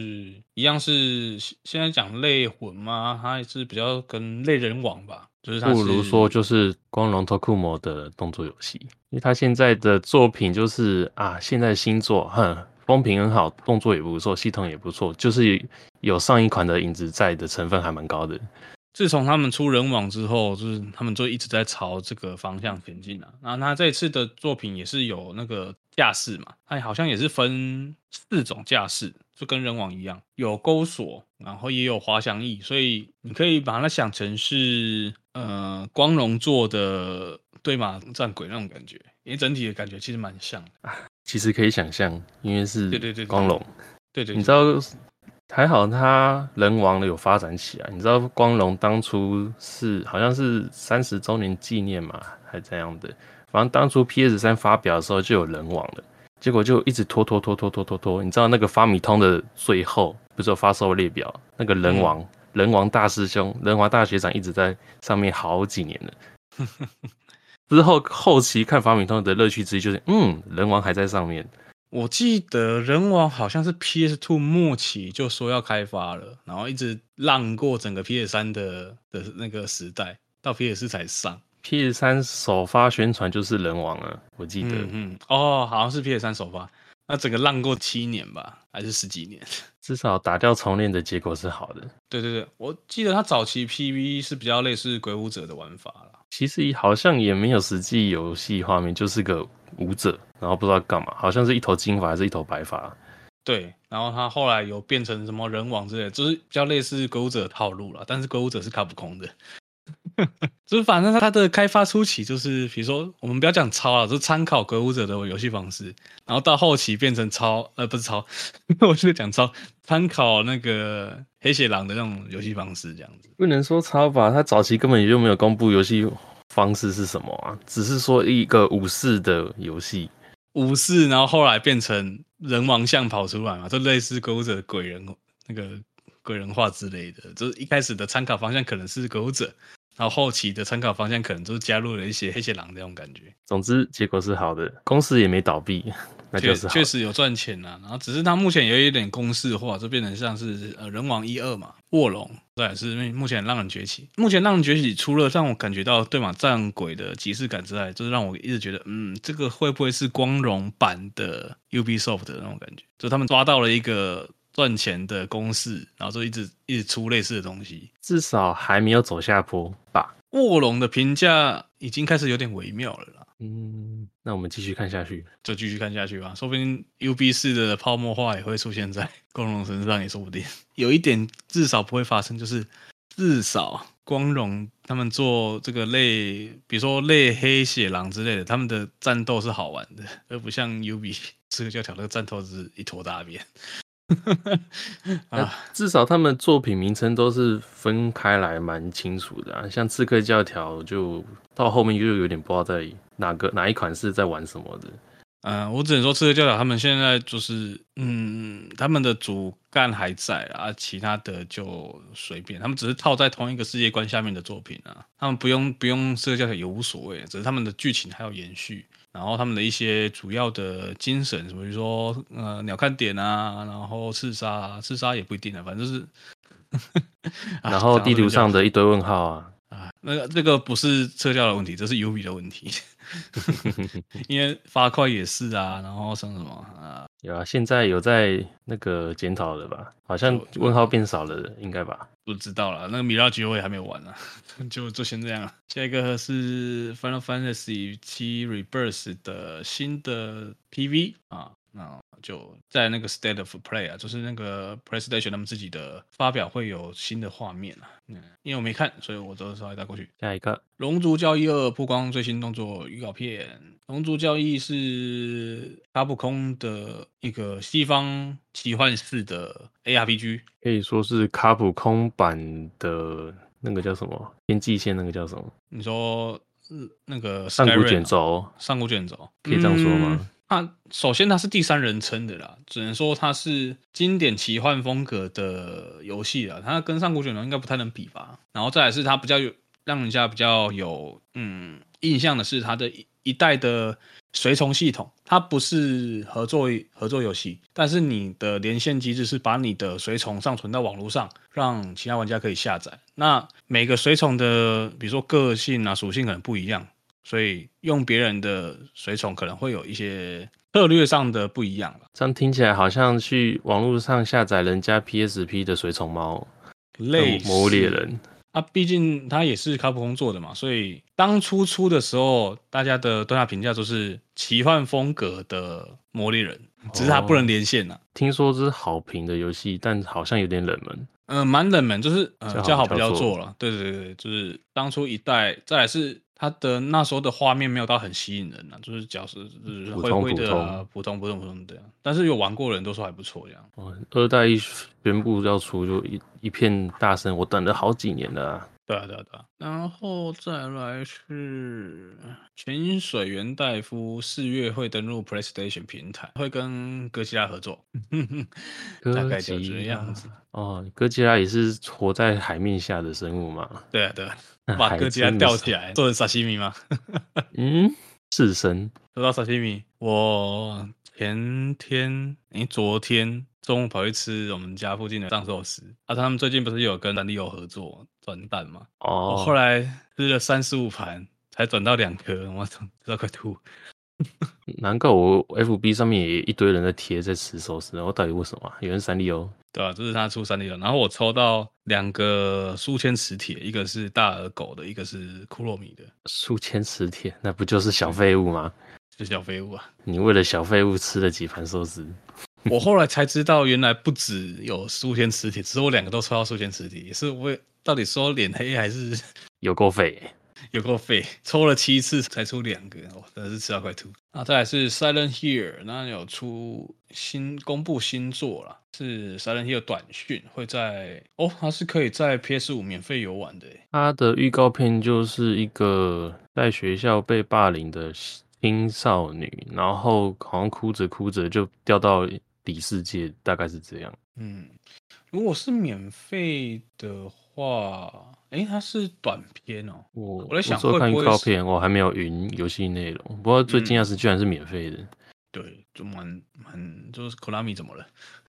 一樣是現在講類魂嘛，它也是比較跟類仁王吧，就是不如說就是光榮特庫摩的動作遊戲，因為他現在的作品就是啊，現在的新作哼。風評很好，動作也不錯，系統也不錯，就是有上一款的影子在的成分還蠻高的。自從他們出人網之後，就是他們就一直在朝這個方向前進啊。那他這次的作品也是有那個架勢嘛，他好像也是分四種架勢，就跟人網一樣，有勾鎖，然後也有滑翔翼，所以你可以把它想成是呃光榮做的對馬戰鬼那種感覺，因為整體的感覺其實蠻像的。 其實可以想象，因為是光榮，對對,對對，你知道對對對對還好他仁王的有發展起來。你知道光榮當初是好像是三十周年紀念嘛，還這樣的？反正當初 PS3 發表的時候就有仁王了，結果就一直拖拖拖拖拖拖拖。你知道那個法米通的最後，不是有發售列表，那個仁王、嗯、仁王大師兄仁王大學長一直在上面好幾年了。 之後後期看《法米通》的樂趣之一就是，嗯，仁王還在上面。我記得仁王好像是 PS2 末期就說要開發了，然後一直浪過整個 PS3 的的那個時代，到 PS4 才上。PS3 首發宣傳就是仁王了，我記得。嗯，嗯哦，好像是 PS3 首發，那整個浪過七年吧，還是十幾年？至少打掉重練的結果是好的。對對對，我記得他早期 PV 是比較類似《鬼武者》的玩法啦。其實好像也沒有實際遊戲畫面，就是個舞者，然後不知道幹嘛，好像是一頭金髮還是一頭白髮。對，然後他後來有變成什麼人王之類，就是比較類似歌舞者套路了，但是歌舞者是卡不空的。 就是反正它的開發初期就是，比如說我們不要講抄啊，就參考鬼武者的遊戲方式，然後到後期變成抄，呃不是抄， 我就講抄，參考那個黑血狼的那種遊戲方式這樣子，不能說抄吧，它早期根本也就沒有公布遊戲方式是什麼啊，只是說一個武士的遊戲，武士，然後後來變成人王像跑出來嘛，就類似鬼武者鬼人那個鬼人化之類的，就是一開始的參考方向可能是鬼武者。然後後期的參考方向可能都加入了一些黑血狼那種感覺。總之結果是好的，公司也沒倒閉，那就是好確，確實有賺錢啊，然後只是它目前有一點公式化，就變成像是呃仁王一二嘛，臥龍對，是因為目前浪人崛起，目前浪人崛起除了讓我感覺到對馬戰鬼的即視感之外，就是讓我一直覺得嗯，這個會不會是光榮版的 Ubisoft 的那種感覺？就他們抓到了一個。賺錢的公式，然後就一直一直出類似的東西，至少還沒有走下坡吧。臥龍的評價已經開始有點微妙了啦。嗯，那我們繼續看下去，就繼續看下去吧。說不定 UB 4的泡沫化也會出現在光榮身上，也說不定。有一點，至少不會發生，就是至少光榮他們做這個類，比如說類黑血狼之類的，他們的戰鬥是好玩的，而不像 UB 刺客教條那個戰鬥是一坨大便。呵呵， 啊！至少他們作品名稱都是分開來蠻清楚的，啊，像《刺客教條》就到後面又有點不知道在哪個哪一款是在玩什麼的。嗯，呃，我只能說《刺客教條》他們現在就是，嗯，他們的主幹還在啊，其他的就隨便，他們只是套在同一個世界觀下面的作品啊，他們不用不用《刺客教條》也無所謂，只是他們的劇情還要延續。然後他們的一些主要的精神，什麼比如說，呃，鳥瞰點啊，然後刺殺、啊，刺殺也不一定啊，反正，就是，呵呵，然後地圖上的一堆問號啊。那個那個不是撤掉的問題，這是 U V 的問題， 因為發快也是啊，然後什麼什麼啊，有啊，現在有在那個檢討的吧，好像問號變少了，應該吧？不知道了，那個米拉聚會還沒完啊，就就先這樣了。下一個是 Final Fantasy 七 Rebirth 的新的 PV 啊。那就在那個 state of play 啊，就是那個 PlayStation 他們自己的發表會，有新的畫面啊。嗯，因為我沒看，所以我都稍微帶過去。下一個《龍族教義二》曝光最新動作預告片，《龍族教義》是卡普空的一個西方奇幻式的 ARPG，可以說是卡普空版的那個叫什麼？天際線那個叫什麼？你說是那個 ran, 上古卷軸？上古卷軸可以這樣說嗎？嗯它首先它是第三人稱的啦，只能說它是經典奇幻風格的遊戲啦，它跟上古卷軸應該不太能比吧。然後再來是它比較有讓人家比較有嗯印象的是它的一一代的隨從系統，它不是合作合作遊戲，但是你的連線機制是把你的隨從上傳到網絡上，讓其他玩家可以下載。那每個隨從的比如說個性啊屬性可能不一樣。所以用別人的隨從可能會有一些策略上的不一樣，這樣聽起來好像去網絡上下載人家 PSP 的隨從貓，類魔獵人啊，畢竟它也是 Capcom 做的嘛。所以當初出的時候，大家的對他評價就是奇幻風格的魔獵人，只是它不能連線吶、啊哦。聽說這是好評的遊戲，但好像有點冷門。嗯、呃，蠻冷門，就是呃，叫好不叫座了。對對對對，就是當初一代，再來是。它的那時候的畫面沒有到很吸引人吶、啊，就是角色是灰灰的、啊，普通普通普通的這樣。但是有玩過的人都說還不錯這樣。二代一宣布要出就一一片大聲，我等了好幾年了、啊。對啊，對啊，對啊，然後再來是潛水員戴夫，四月會登入 PlayStation 平台，會跟哥吉拉合作，大概就是這樣子、啊。哦，哥吉拉也是活在海面下的生物嘛？對啊，對啊，把哥吉拉吊起來做成沙西米嘛？嗯，刺身，說到沙西米。我前天，你昨天中午跑去吃我們家附近的藏壽司啊？他們最近不是有跟三麗鷗合作？轉蛋嘛，我、oh, 後來吃了三十五盤才轉到兩顆，我操，知道快吐。 難怪我 FB 上面也有一堆人的在貼在吃壽司，然後到底為什麼、啊？有人三粒哦，對啊這、就是他出三粒哦。然後我抽到兩個書籤磁鐵，一個是大耳狗的，一個是庫洛米的。書籤磁鐵那不就是小廢物嗎？就小廢物啊！你為了小廢物吃了幾盤壽司？ 我後來才知道，原來不止有書籤磁鐵，只是我兩個都抽到書籤磁鐵，也是我到底說臉黑還是 有夠廢，有夠廢，抽了七次才出兩個，我真的是吃到快吐。那再來是 Silent Hill，那有出新，公布新作啦，是 Silent Hill 短訊會在哦，它是可以在 PS 五免費遊玩的。它的預告片就是一個在學校被霸凌的青少女，然後好像哭着哭着就掉到。底世界大概是這樣。嗯，如果是免費的話，哎、欸，它是短片哦、喔。我我在想我，說看預告片，我還沒有雲遊戲內容。不過最近要是、嗯、居然是免費的，對，就蠻蠻就是 Konami 怎麼了？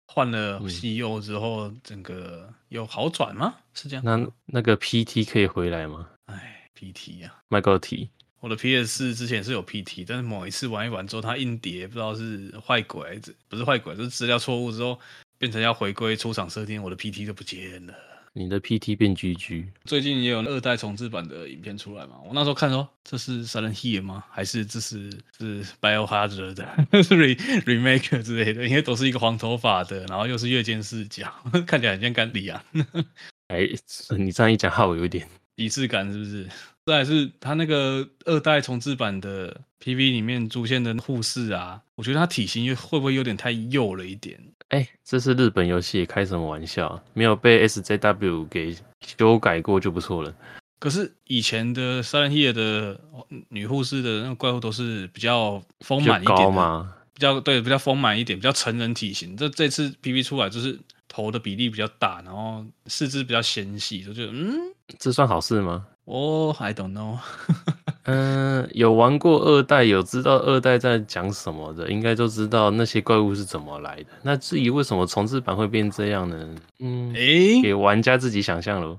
換了 CEO 之後，嗯、整個有好轉嗎？是這樣？那那個 PT 可以回來嗎？哎，PT 呀，Michael T。我的 PS4 之前是有 P.T.，但是某一次玩一玩之後，它硬碟不知道是壞鬼，不是壞鬼，就是資料錯誤之後，變成要回歸出廠設定，我的 P.T. 就不見了。你的 P.T. 變 GG。最近也有二代重置版的影片出來嘛？我那時候看說，這是《Silent Hill》嗎？還是這是是 Biohazard 的《RE remake》之類的？因為都是一個黃頭髮的，然後又是越肩視角，看起來很像甘爹啊。 hey, 你這樣一講話，我有點敵視感，是不是？再來是他那個二代重置版的 PV 裡面出現的護士啊，我覺得她體型又會不會有點太幼了一點？哎、欸，這是日本遊戲開什麼玩笑？沒有被 SJW 給修改過就不錯了。可是以前的 Silent Hill 的女護士的那個怪物都是比較豐滿一點嘛，比較，對，比較豐滿一點，比較成人體型。這這次 PV 出來就是頭的比例比較大，然後四肢比較纖細，就覺得嗯，這算好事嗎？哦、oh,，I don't know。 嗯、呃，有玩過二代，有知道二代在講什麼的，應該都知道那些怪物是怎麼來的。那至於為什麼重製版會變這樣呢？嗯，哎、欸，給玩家自己想象嘍。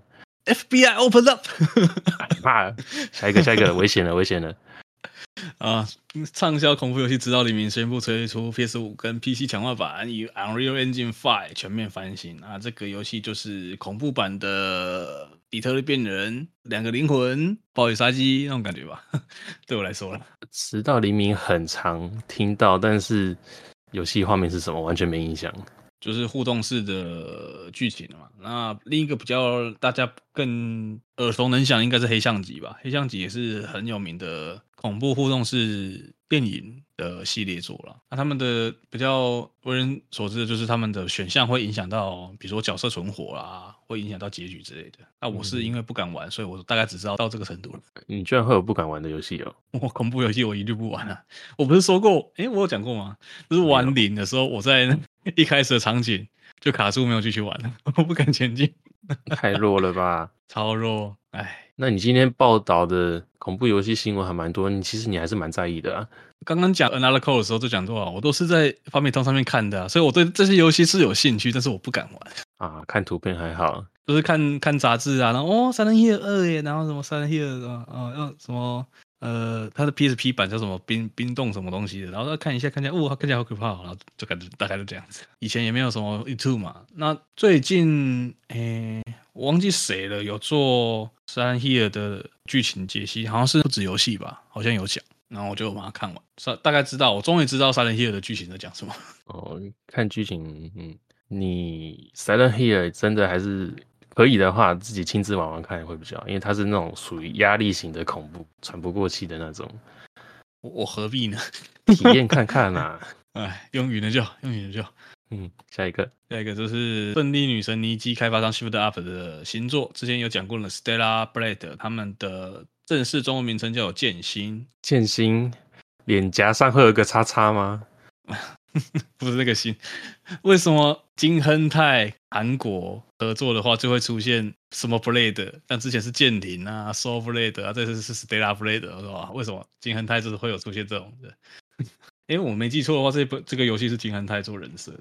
FBI open up， 害怕了，下一個，下一個，危險了，危險了。 啊，暢銷恐怖遊戲《直到黎明》宣布推出 PS5 跟 PC 強化版，以 Unreal Engine Five 全面翻新。啊，這個遊戲就是恐怖版的。底特律變人，兩個靈魂，暴雨殺機那種感覺吧， 對我來說了。直到黎明很常聽到，但是遊戲畫面是什麼完全沒印象。就是互動式的劇情嘛。那另一個比較大家更耳熟能詳，應該是黑相集吧？黑相集也是很有名的恐怖互動式電影的系列作了，那、啊、他們的比較為人所知的就是他們的選項會影響到，比如說角色存活啦，會影響到結局之類的。那、啊、我是因為不敢玩，嗯、所以我大概只知道到這個程度了。你居然會有不敢玩的遊戲哦？我恐怖遊戲我一律不玩啊。嗯、我不是說過，誒、欸，我有講過嗎？嗯、就是玩零的時候，我在一開始的場景就卡住，沒有繼續玩了，我不敢前進。太弱了吧？超弱，哎。那你今天報道的恐怖遊戲新聞還蠻多，你其實你還是蠻在意的啊。剛剛講 Another Code 的時候就講說、啊，我都是在法米通上面看的、啊，所以我對這些遊戲是有興趣，但是我不敢玩啊。看圖片還好，就是看看雜誌啊，然後哦，Silent Hill 2耶，然後什麼 Silent Hill 2的，啊，要什麼、哦、什麼呃，他的 PSP 版叫什麼冰冰凍什麼東西的，然後看一下，看見，哇、哦，看起來好可怕，然後就感覺大概就這樣子。以前也沒有什麼 YouTube 嘛。那最近，誒，我忘記誰了，有做 Silent Hill 2的劇情解析，好像是不止遊戲吧，好像有講。然後我就把它看完，大大概知道，我終於知道《Silent Hill》的劇情在講什麼。哦，看劇情，嗯，你《Silent Hill》真的還是可以的話，自己親自玩玩看也會比較好，因為它是那種屬於壓力型的恐怖，喘不過氣的那種。我,我何必呢？體驗看看啊！ 哎，用語音就好，用語音就好。嗯，下一個，下一個就是《勝利女神》尼基開發商 Shift Up 的新作，之前有講過了，《Stella Blade》他們的。正式中文名稱叫劍星。劍星臉頰上會有個叉叉嗎？ 不是那個心。為什麼金亨泰韓國合作的話就會出現什麼 Blade？像之前是劍靈啊，Soul Blade 啊，這次是 Stella Blade 是吧？為什麼金亨泰就是會有出現這種的？誒、 欸、我沒記錯的話，這部這個遊戲是金亨泰做人設的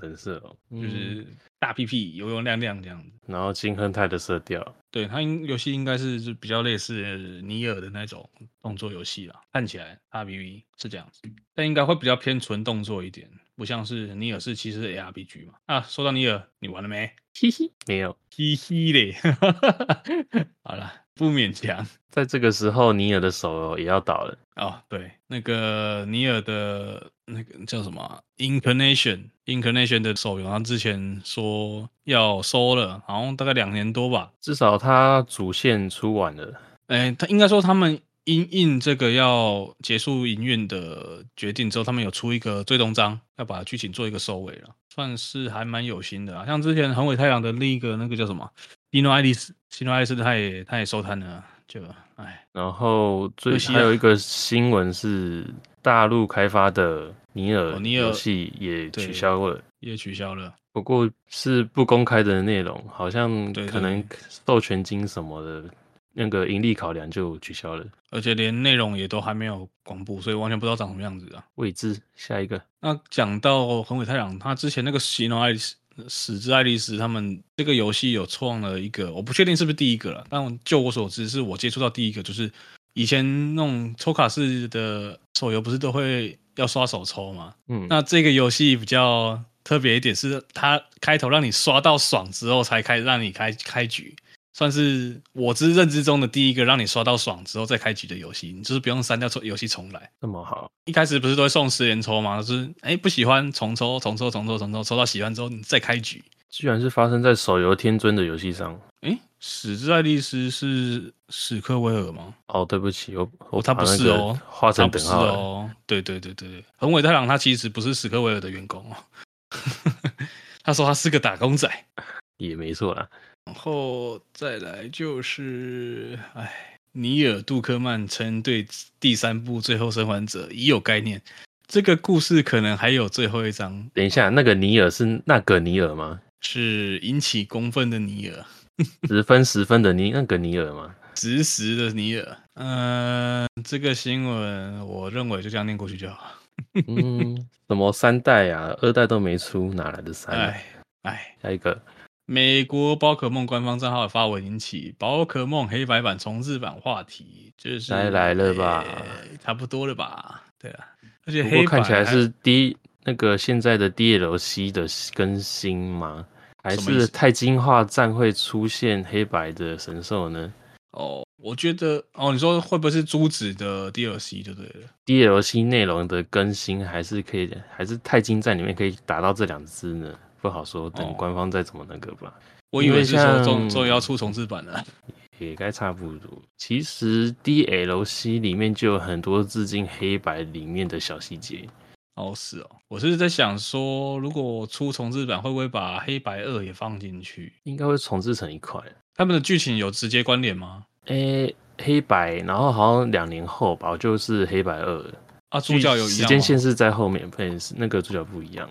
冷色哦，就是大 P P，油油亮亮這樣子。然後金亨泰的色調，對他遊戲應該是比較類似尼爾的那種動作遊戲了。看起來 R b v 是這樣子，但應該會比較偏純動作一點，不像是尼爾是其實 A R P G 嘛。啊，說到尼爾，你玩了沒？嘻嘻，沒有，嘻嘻，嘞。好了，不勉強。在這個時候，尼爾的手也要倒了。哦，oh, 對，那個尼爾的那個叫什麼？Inclination。In Incarnation 的手遊，他之前說要收了，好像大概兩年多吧。至少他主線出完了。哎、欸，他應該說他們因應這個要結束營運的決定之後，他們有出一個最終章，要把劇情做一個收尾了，算是還蠻有心的啊。像之前橫尾太郎的另一個那個叫什麼《新諾愛麗絲》，新諾愛麗絲他也他也收攤了，就哎。然後最新還有一個新聞是。大陸開發的尼爾尼爾遊戲也取消了，也取消了。不過是不公開的內容，好像可能授權金什麼的，那個盈利考量就取消了。而且連內容也都還沒有公布，所以完全不知道長什麼樣子啊，未知。下一個，那講到橫尾太郎，他之前那個《喜怒哀死之愛麗絲》，他們這個遊戲有創了一個，我不確定是不是第一個了，但就我所知，是我接觸到第一個，就是。以前那種抽卡式的手遊不是都會要刷手抽嗎？嗯，那這個遊戲比較特別一點是，它開頭讓你刷到爽之後才開，讓你開開局，算是我之認知中的第一個讓你刷到爽之後再開局的遊戲，你就是不用刪掉遊戲重來。那麼好，一開始不是都會送十連抽嗎？就是哎、欸、不喜歡重抽重抽重抽重抽，重抽，重抽，重抽到喜歡之後你再開局。居然是發生在手遊天尊的遊戲上，哎、欸。《死之愛麗絲》是史克威爾嗎？哦，對不起，我，我、哦、他不是哦。花城，不是哦。對對對對，橫尾太郎他其實不是史克威爾的員工哦。 他說他是個打工仔，也沒錯啦。然後再來就是，哎，尼爾·杜克曼稱對第三部《最後生還者》已有概念，這個故事可能還有最後一章。等一下，那個尼爾是那個尼爾嗎？是引起公憤的尼爾。 十分十分的尼恩格尼爾嗎？十時的尼爾，嗯，這個新聞我認為就這樣念過去就好。 嗯，什麼三代啊，二代都沒出，哪來的三代？哎哎，下一個，美國寶可夢官方賬號發文引起寶可夢黑白版重置版話題，就是來來了吧、欸，差不多了吧？對啊，而且我看起來是 D 那個現在的 DLC 的更新嗎？還是太晶化戰會出現黑白的神獸呢？哦，我覺得哦，你說會不會是珠子的就對了 DLC 對不對？DLC 內容的更新還是可以，還是太晶戰裡面可以打到這兩隻呢？不好說，等官方再怎麼那個吧。哦，我以為是說終終於要出重制版了，也該差不多。其實 DLC 裡面就有很多致敬黑白裡面的小細節。哦，是哦！我是在想說，如果出重製版，會不會把黑白二也放進去？應該會重製成一塊。他們的劇情有直接關聯嗎？誒、欸，黑白，然後好像兩年後吧，就是黑白二。啊，主角有一樣嗎？時間線是在後面，那個主角不一樣。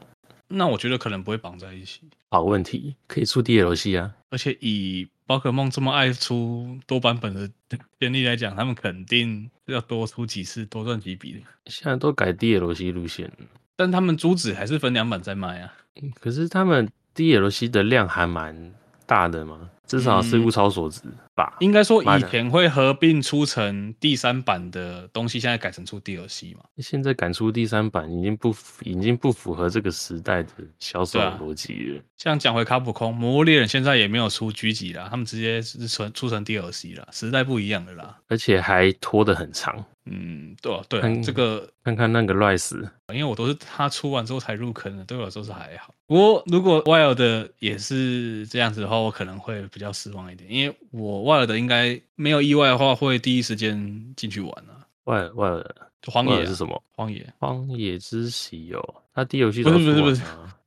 那我覺得可能不會綁在一起。好問題，可以出 DLC 啊，而且以。寶可夢這麼愛出多版本的便利來講，他們肯定要多出幾次，多賺幾筆的。現在都改 DLC 路線了，但他們朱紫還是分兩版在賣啊，嗯。可是他們 DLC 的量還蠻。大的嗎？至少是物超所值吧。嗯、應該說以前會合併出成第三版的東西，現在改成出 DLC 嘛。現在改出第三版已經不已經不符合這個時代的銷售邏輯了。啊、像講回卡普空，魔物獵人現在也沒有出狙擊了，他們直接是出，出成 DLC 了，時代不一樣了啦。而且還拖得很長。嗯，對對，這個看看那個 rise，因為我都是他出完之後才入坑的，對我來說是還好。不過如果 wild 的也是這樣子的話，我可能會比較失望一點，因為我 wild 的應該沒有意外的話，會第一時間進去玩了。wild wild 荒野是什麼？荒野，荒野之息哦，他第一遊戲不是不是不是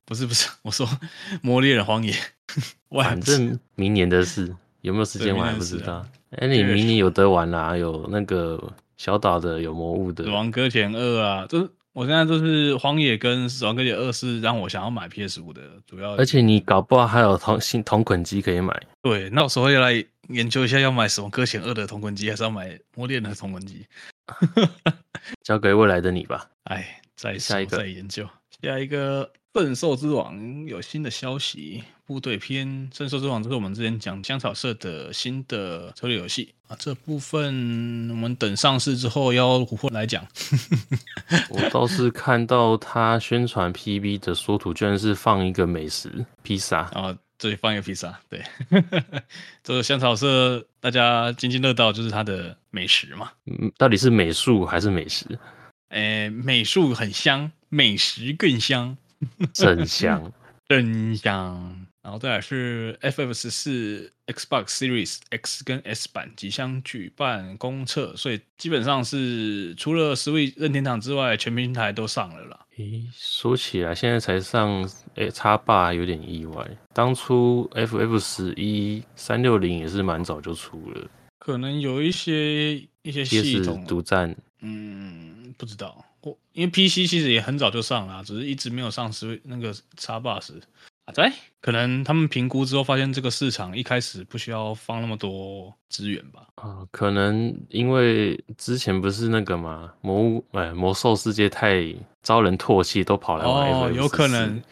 不是不是，我說魔獵的荒野，反正明年的事有沒有時間玩還不知道。哎，你明年有得玩啦，有那個。小島的有魔物的《死亡擱淺二》啊，就是我現在就是荒野跟《死亡擱淺二》是讓我想要買 PS 五的主要的。而且你搞不好還有同新同捆機可以買。對，那我稍微來研究一下，要買《死亡擱淺二》的同捆機，還是要買《魔鏈》的同捆機？ 交給未來的你吧。哎，再下一個再研究，下一個。聖獸之王》有新的消息，部隊篇《聖獸之王》，這是我們之前講香草社的新的策略遊戲啊。這部分我們等上市之後要琥珀來講。 我倒是看到他宣傳 PV 的縮圖，居然是放一個美食披薩啊，這裡、哦、放一個披薩，對， 這個香草社大家津津樂道就是它的美食嘛，嗯，到底是美術還是美食？哎、欸，美術很香，美食更香。真香 真香。然後再來是 FF 十四 Xbox Series X 跟 S 版即將舉辦公測，所以基本上是除了 Switch 任天堂之外，全平台都上了啦。咦，說起來現在才上誒，Xbox 有點意外，當初 FF 十一三六零也是蠻早就出了，可能有一些一些系統獨占，嗯，不知道。因為 PC 其實也很早就上了，只是一直沒有上市。那個 Xbox，哎、啊，可能他們評估之後發現這個市場一開始不需要放那麼多資源吧？啊、呃，可能因為之前不是那個嘛，魔哎、欸、魔獸世界太招人唾棄，都跑來玩 FF14、哦、有可能，可能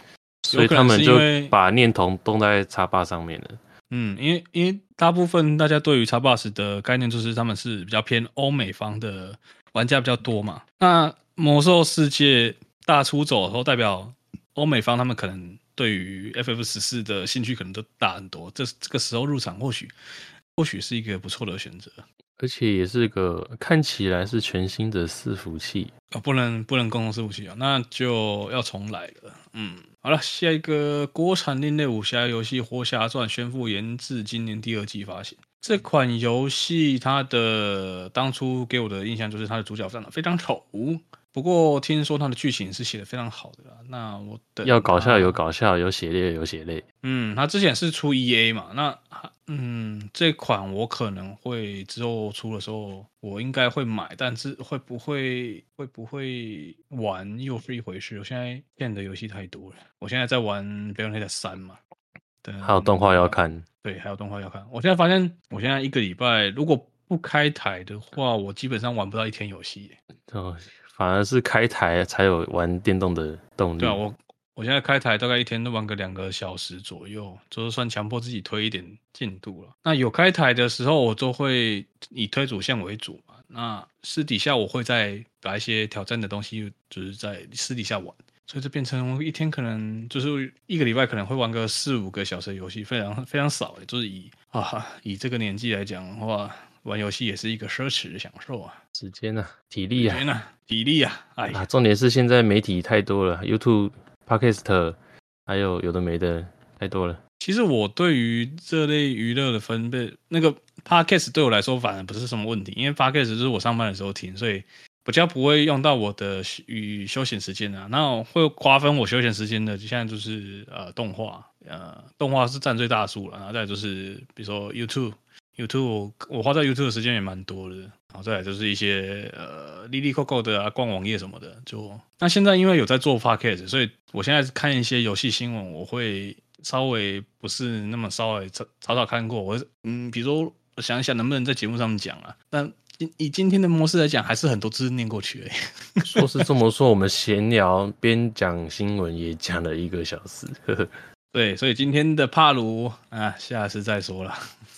所以他們就把念頭凍在 Xbox 上面了。嗯，因為因為大部分大家對於 Xbox 的概念就是他們是比較偏歐美方的玩家比較多嘛，嗯、那。魔獸世界大出走的時候，代表歐美方他們可能對於 FF 十四的興趣可能都大很多。這這個時候入場或許，或許或許是一個不錯的選擇，而且也是個看起來是全新的伺服器啊、哦，不能不能共同伺服器啊，那就要重來了。嗯，好了，下一個國產另類武俠遊戲《活俠傳》宣布延至今年第二季發行。這款遊戲它的當初給我的印象就是它的主角長得非常醜。不過聽說它的劇情是寫得非常好的啦，那我的要搞笑有搞笑，有寫烈有寫烈，嗯，它之前是出 EA 嘛，那嗯，這款我可能會之後出的時候，我應該會買，但是會不會會不會玩又是一回事。我現在變的遊戲太多了，我現在在玩《Bayonetta 3》嘛，對，還有動畫要看，對，還有動畫要看。我現在發現，我現在一個禮拜如果不開台的話，我基本上玩不到一天遊戲。哦反而是開台才有玩電動的動力。對啊，我我現在開台大概一天都玩個兩個小時左右，就是算強迫自己推一點進度了。那有開台的時候，我都會以推主線為主嘛。那私底下我會再打一些挑戰的東西，就是在私底下玩。所以這變成一天可能就是一個禮拜可能會玩個四五個小時遊戲，非常非常少欸。就是以啊以這個年紀來講的話。玩遊戲也是一個奢侈的享受啊！時間啊，體力啊！時間啊，體力啊！呀、啊，重點是現在媒體太多了，YouTube、Podcast，還有有的沒的太多了。其實我對於這類娛樂的分配，那個 Podcast 對我來說反而不是什麼問題，因為 Podcast 就是我上班的時候聽，所以比較不會用到我的與休閒時間的、啊。那會瓜分我休閒時間的，就現在就是呃動畫，呃動畫、呃、是佔最大數了，然後再就是比如說 YouTube。YouTube，我花在 YouTube 的時間也蠻多的，然後再來就是一些呃，哩哩扣扣的啊，逛網頁什麼的。就那現在因為有在做 Podcast，所以我現在看一些遊戲新聞，我會稍微不是那麼稍微早早早看過。我嗯，比如說我想一想能不能在節目上面講啊，但今以，以今天的模式來講，還是很多字念過去、欸。 說是這麼說，我們閒聊邊講新聞也講了一個小時， 對，所以今天的帕魯啊，下次再說了。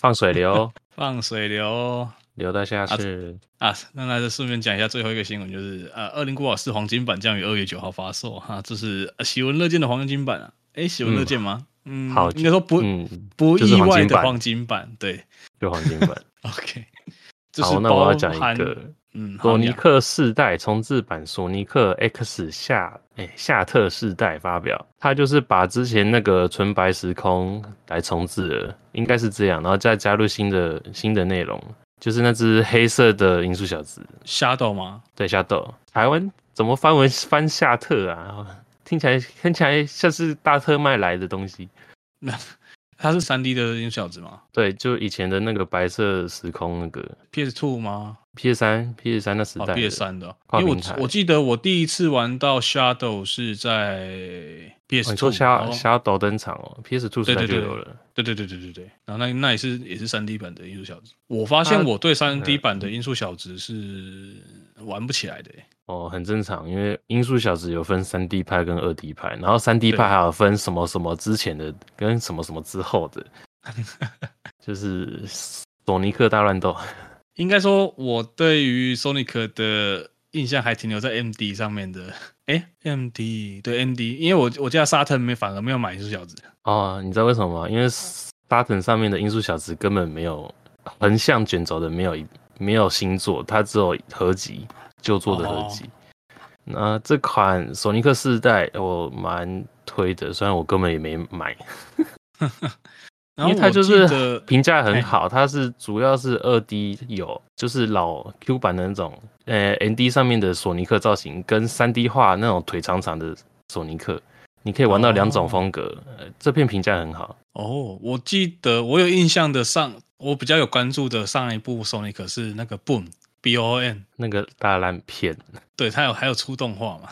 放水流， 放水流，流到下去啊，啊！那那就順便講一下最後一個新聞，就是啊啊，就是呃，啊《惡靈古堡4》黃金版將於二月九號發售哈，這是喜聞樂見的黃金版啊！誒、欸，喜聞樂見嗎？嗯，嗯好，應該說不、嗯、不意外的黃金版，金版對，就黃金版。 OK， 是包好，那我要講一個。嗯、索尼克世代重製版，索尼克 X 夏誒、欸，夏特世代發表，它就是把之前那個純白時空來重置了，應該是這樣，然後再加入新的新的內容，就是那隻黑色的音速小子，Shadow 嗎？對，Shadow。台灣怎麼翻文翻夏特啊？聽起來看起來像是大特賣來的東西。那 他是三 D 的音速小子嗎？對，就以前的那個白色時空那個 PS Two 嗎？P.S. 三 P.S. 三的時代，P.S. 三的，因為我我記得我第一次玩到 Shadow 是在 P.S. 二。哦，你說 Shadow 後 Shadow 登場哦，P.S. 二對，對對就有對對對對對對。然後那那也是也是三 D 版的音速小子。我發現我對三 D 版的音速小子是玩不起來的，啊嗯嗯嗯。哦，很正常，因為音速小子有分三 D 派跟二 D 派，然後三 D 派還有分什麼什麼之前的跟什麼什麼之後的，對就是索尼克大亂鬥。應該說，我對於 Sonic 的印象還停留在 MD 上面的。誒、欸、MD 對 MD，因為我我家 Saturn 沒反而沒有買音速小子。哦，你知道為什麼嗎？因為 Saturn 上面的音速小子根本沒有橫向捲軸的，沒有沒有新作，它只有合集舊作的合集。哦、那這款《索尼克》世代我蠻推的，雖然我根本也沒買。 因為它就是評價很好，欸、它是主要是二 D 有，就是老 Q 版的那種，呃、欸、ND 上面的索尼克造型跟三 D 化那種腿長長的索尼克，你可以玩到兩種風格。哦呃、這片評價很好哦，我記得我有印象的上，我比較有關注的上一部索尼克是那個 Boom B O N 那個大爛片，對，它有還有出動畫嘛？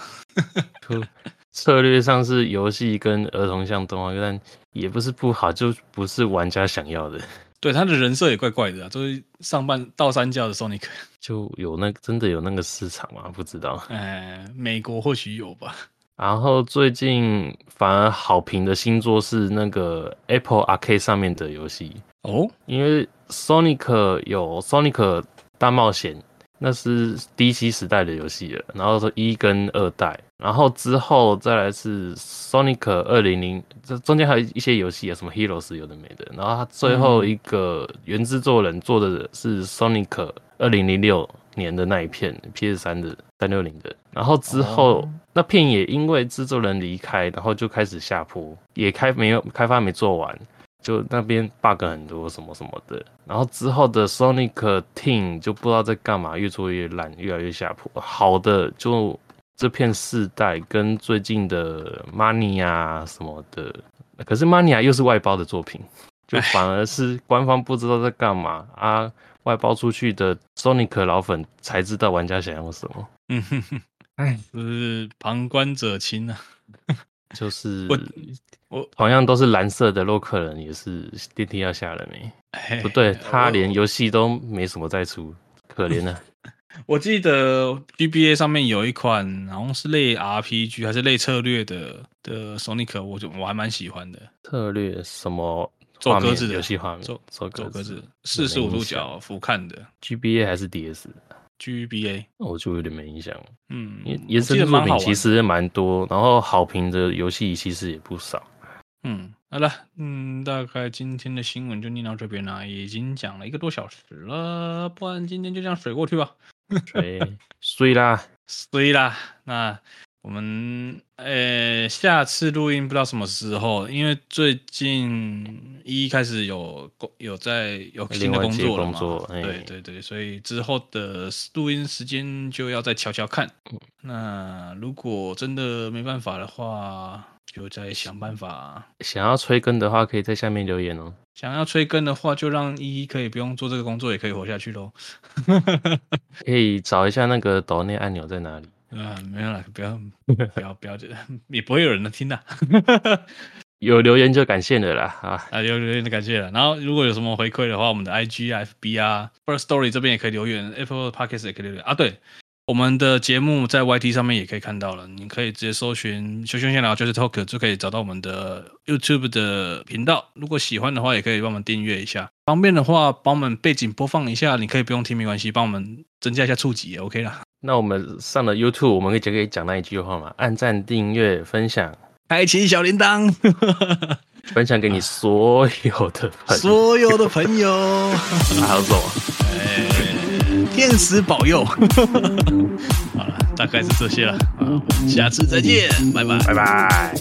策略上是遊戲跟兒童向動畫，但。也不是不好，就不是玩家想要的。對，他的人設也怪怪的、啊、就是上半倒三角的 Sonic，就有那個、真的有那個市場嗎？不知道。哎，哎，哎，美國或許有吧。然後最近反而好評的新作是那個 Apple Arcade 上面的遊戲哦，oh? 因為 Sonic 有 Sonic 大冒險。那是 DC 時代的遊戲了，然後說一跟二代，然後之後再來是 Sonic 二零零，這中間還有一些遊戲啊，什麼 Heroes 有的沒的。然後它最後一個原制作人做的是 Sonic 二零零六年的那一片 PS 三的三六零的，然後之後、哦、那片也因為制作人離開，然後就開始下坡，也開沒有開發沒做完。就那邊 bug 很多，什麼什麼的，然後之後的 Sonic Team 就不知道在幹嘛，越做越爛，越來越下坡。好的，就這片世代跟最近的 Mania 什麼的，可是 Mania 又是外包的作品，就反而是官方不知道在幹嘛啊，外包出去的 Sonic 老粉才知道玩家想要什麼。嗯哼哼，哎，是旁觀者清啊。 就是我，我好像都是藍色的洛克人，也是電梯要下了沒？欸、不對，他連遊戲都沒什麼在出，我可憐了。我記得 G B A 上面有一款好像是類 R P G 還是類策略的的 Sonic，我就我還蠻喜歡的。策略什麼做做？做格子的遊戲畫面，做做格子，四十五度角俯瞰的 G B A 還是 D S。G B A，我就有點沒印象。嗯，延伸耶作品其實也蠻多，然後好評的遊戲其實也不少。嗯，好、啊、了，嗯，大概今天的新聞就念到這邊了、啊。已經講了一個多小時了，不然今天就這樣水過去吧。 水，水啦，水啦，那。我們呃、欸，下次錄音不知道什麼時候，因為最近依依開始有工有在有新的工作了嘛，對對對，所以之後的錄音時間就要再瞧瞧看。嗯、那如果真的沒辦法的話，就再想辦法。想要催更的話，可以在下面留言哦。想要催更的話，就讓依依可以不用做這個工作，也可以活下去嘍。 可以找一下那個鬥內按鈕在哪裡。啊，沒有啦，不要，不要，不要，不要也不會有人能聽的 。有留言就感謝了啦，啊啊，有留言就感謝了。然後如果有什麼回饋的話，我們的 IG、啊、FB 啊、First Story 這邊也可以留言，Apple Podcast 也可以留言啊。對，我們的節目在 YT 上面也可以看到了，你可以直接搜尋“休閒閒聊 Just Talk” 就可以找到我們的 YouTube 的頻道。如果喜歡的話，也可以幫我們訂閱一下。方便的話，幫我們背景播放一下，你可以不用聽沒關係，幫我們增加一下觸及也，OK 啦。那我們上了 YouTube，我們可以講一講那一句話嗎？按讚、訂閱、分享，開啟小鈴鐺， 分享給你所有的朋友、啊、所有的朋友。還有什麼？呃、天使保佑。 好了，大概是這些了。啊，我們下次再見，嗯、拜拜，拜拜。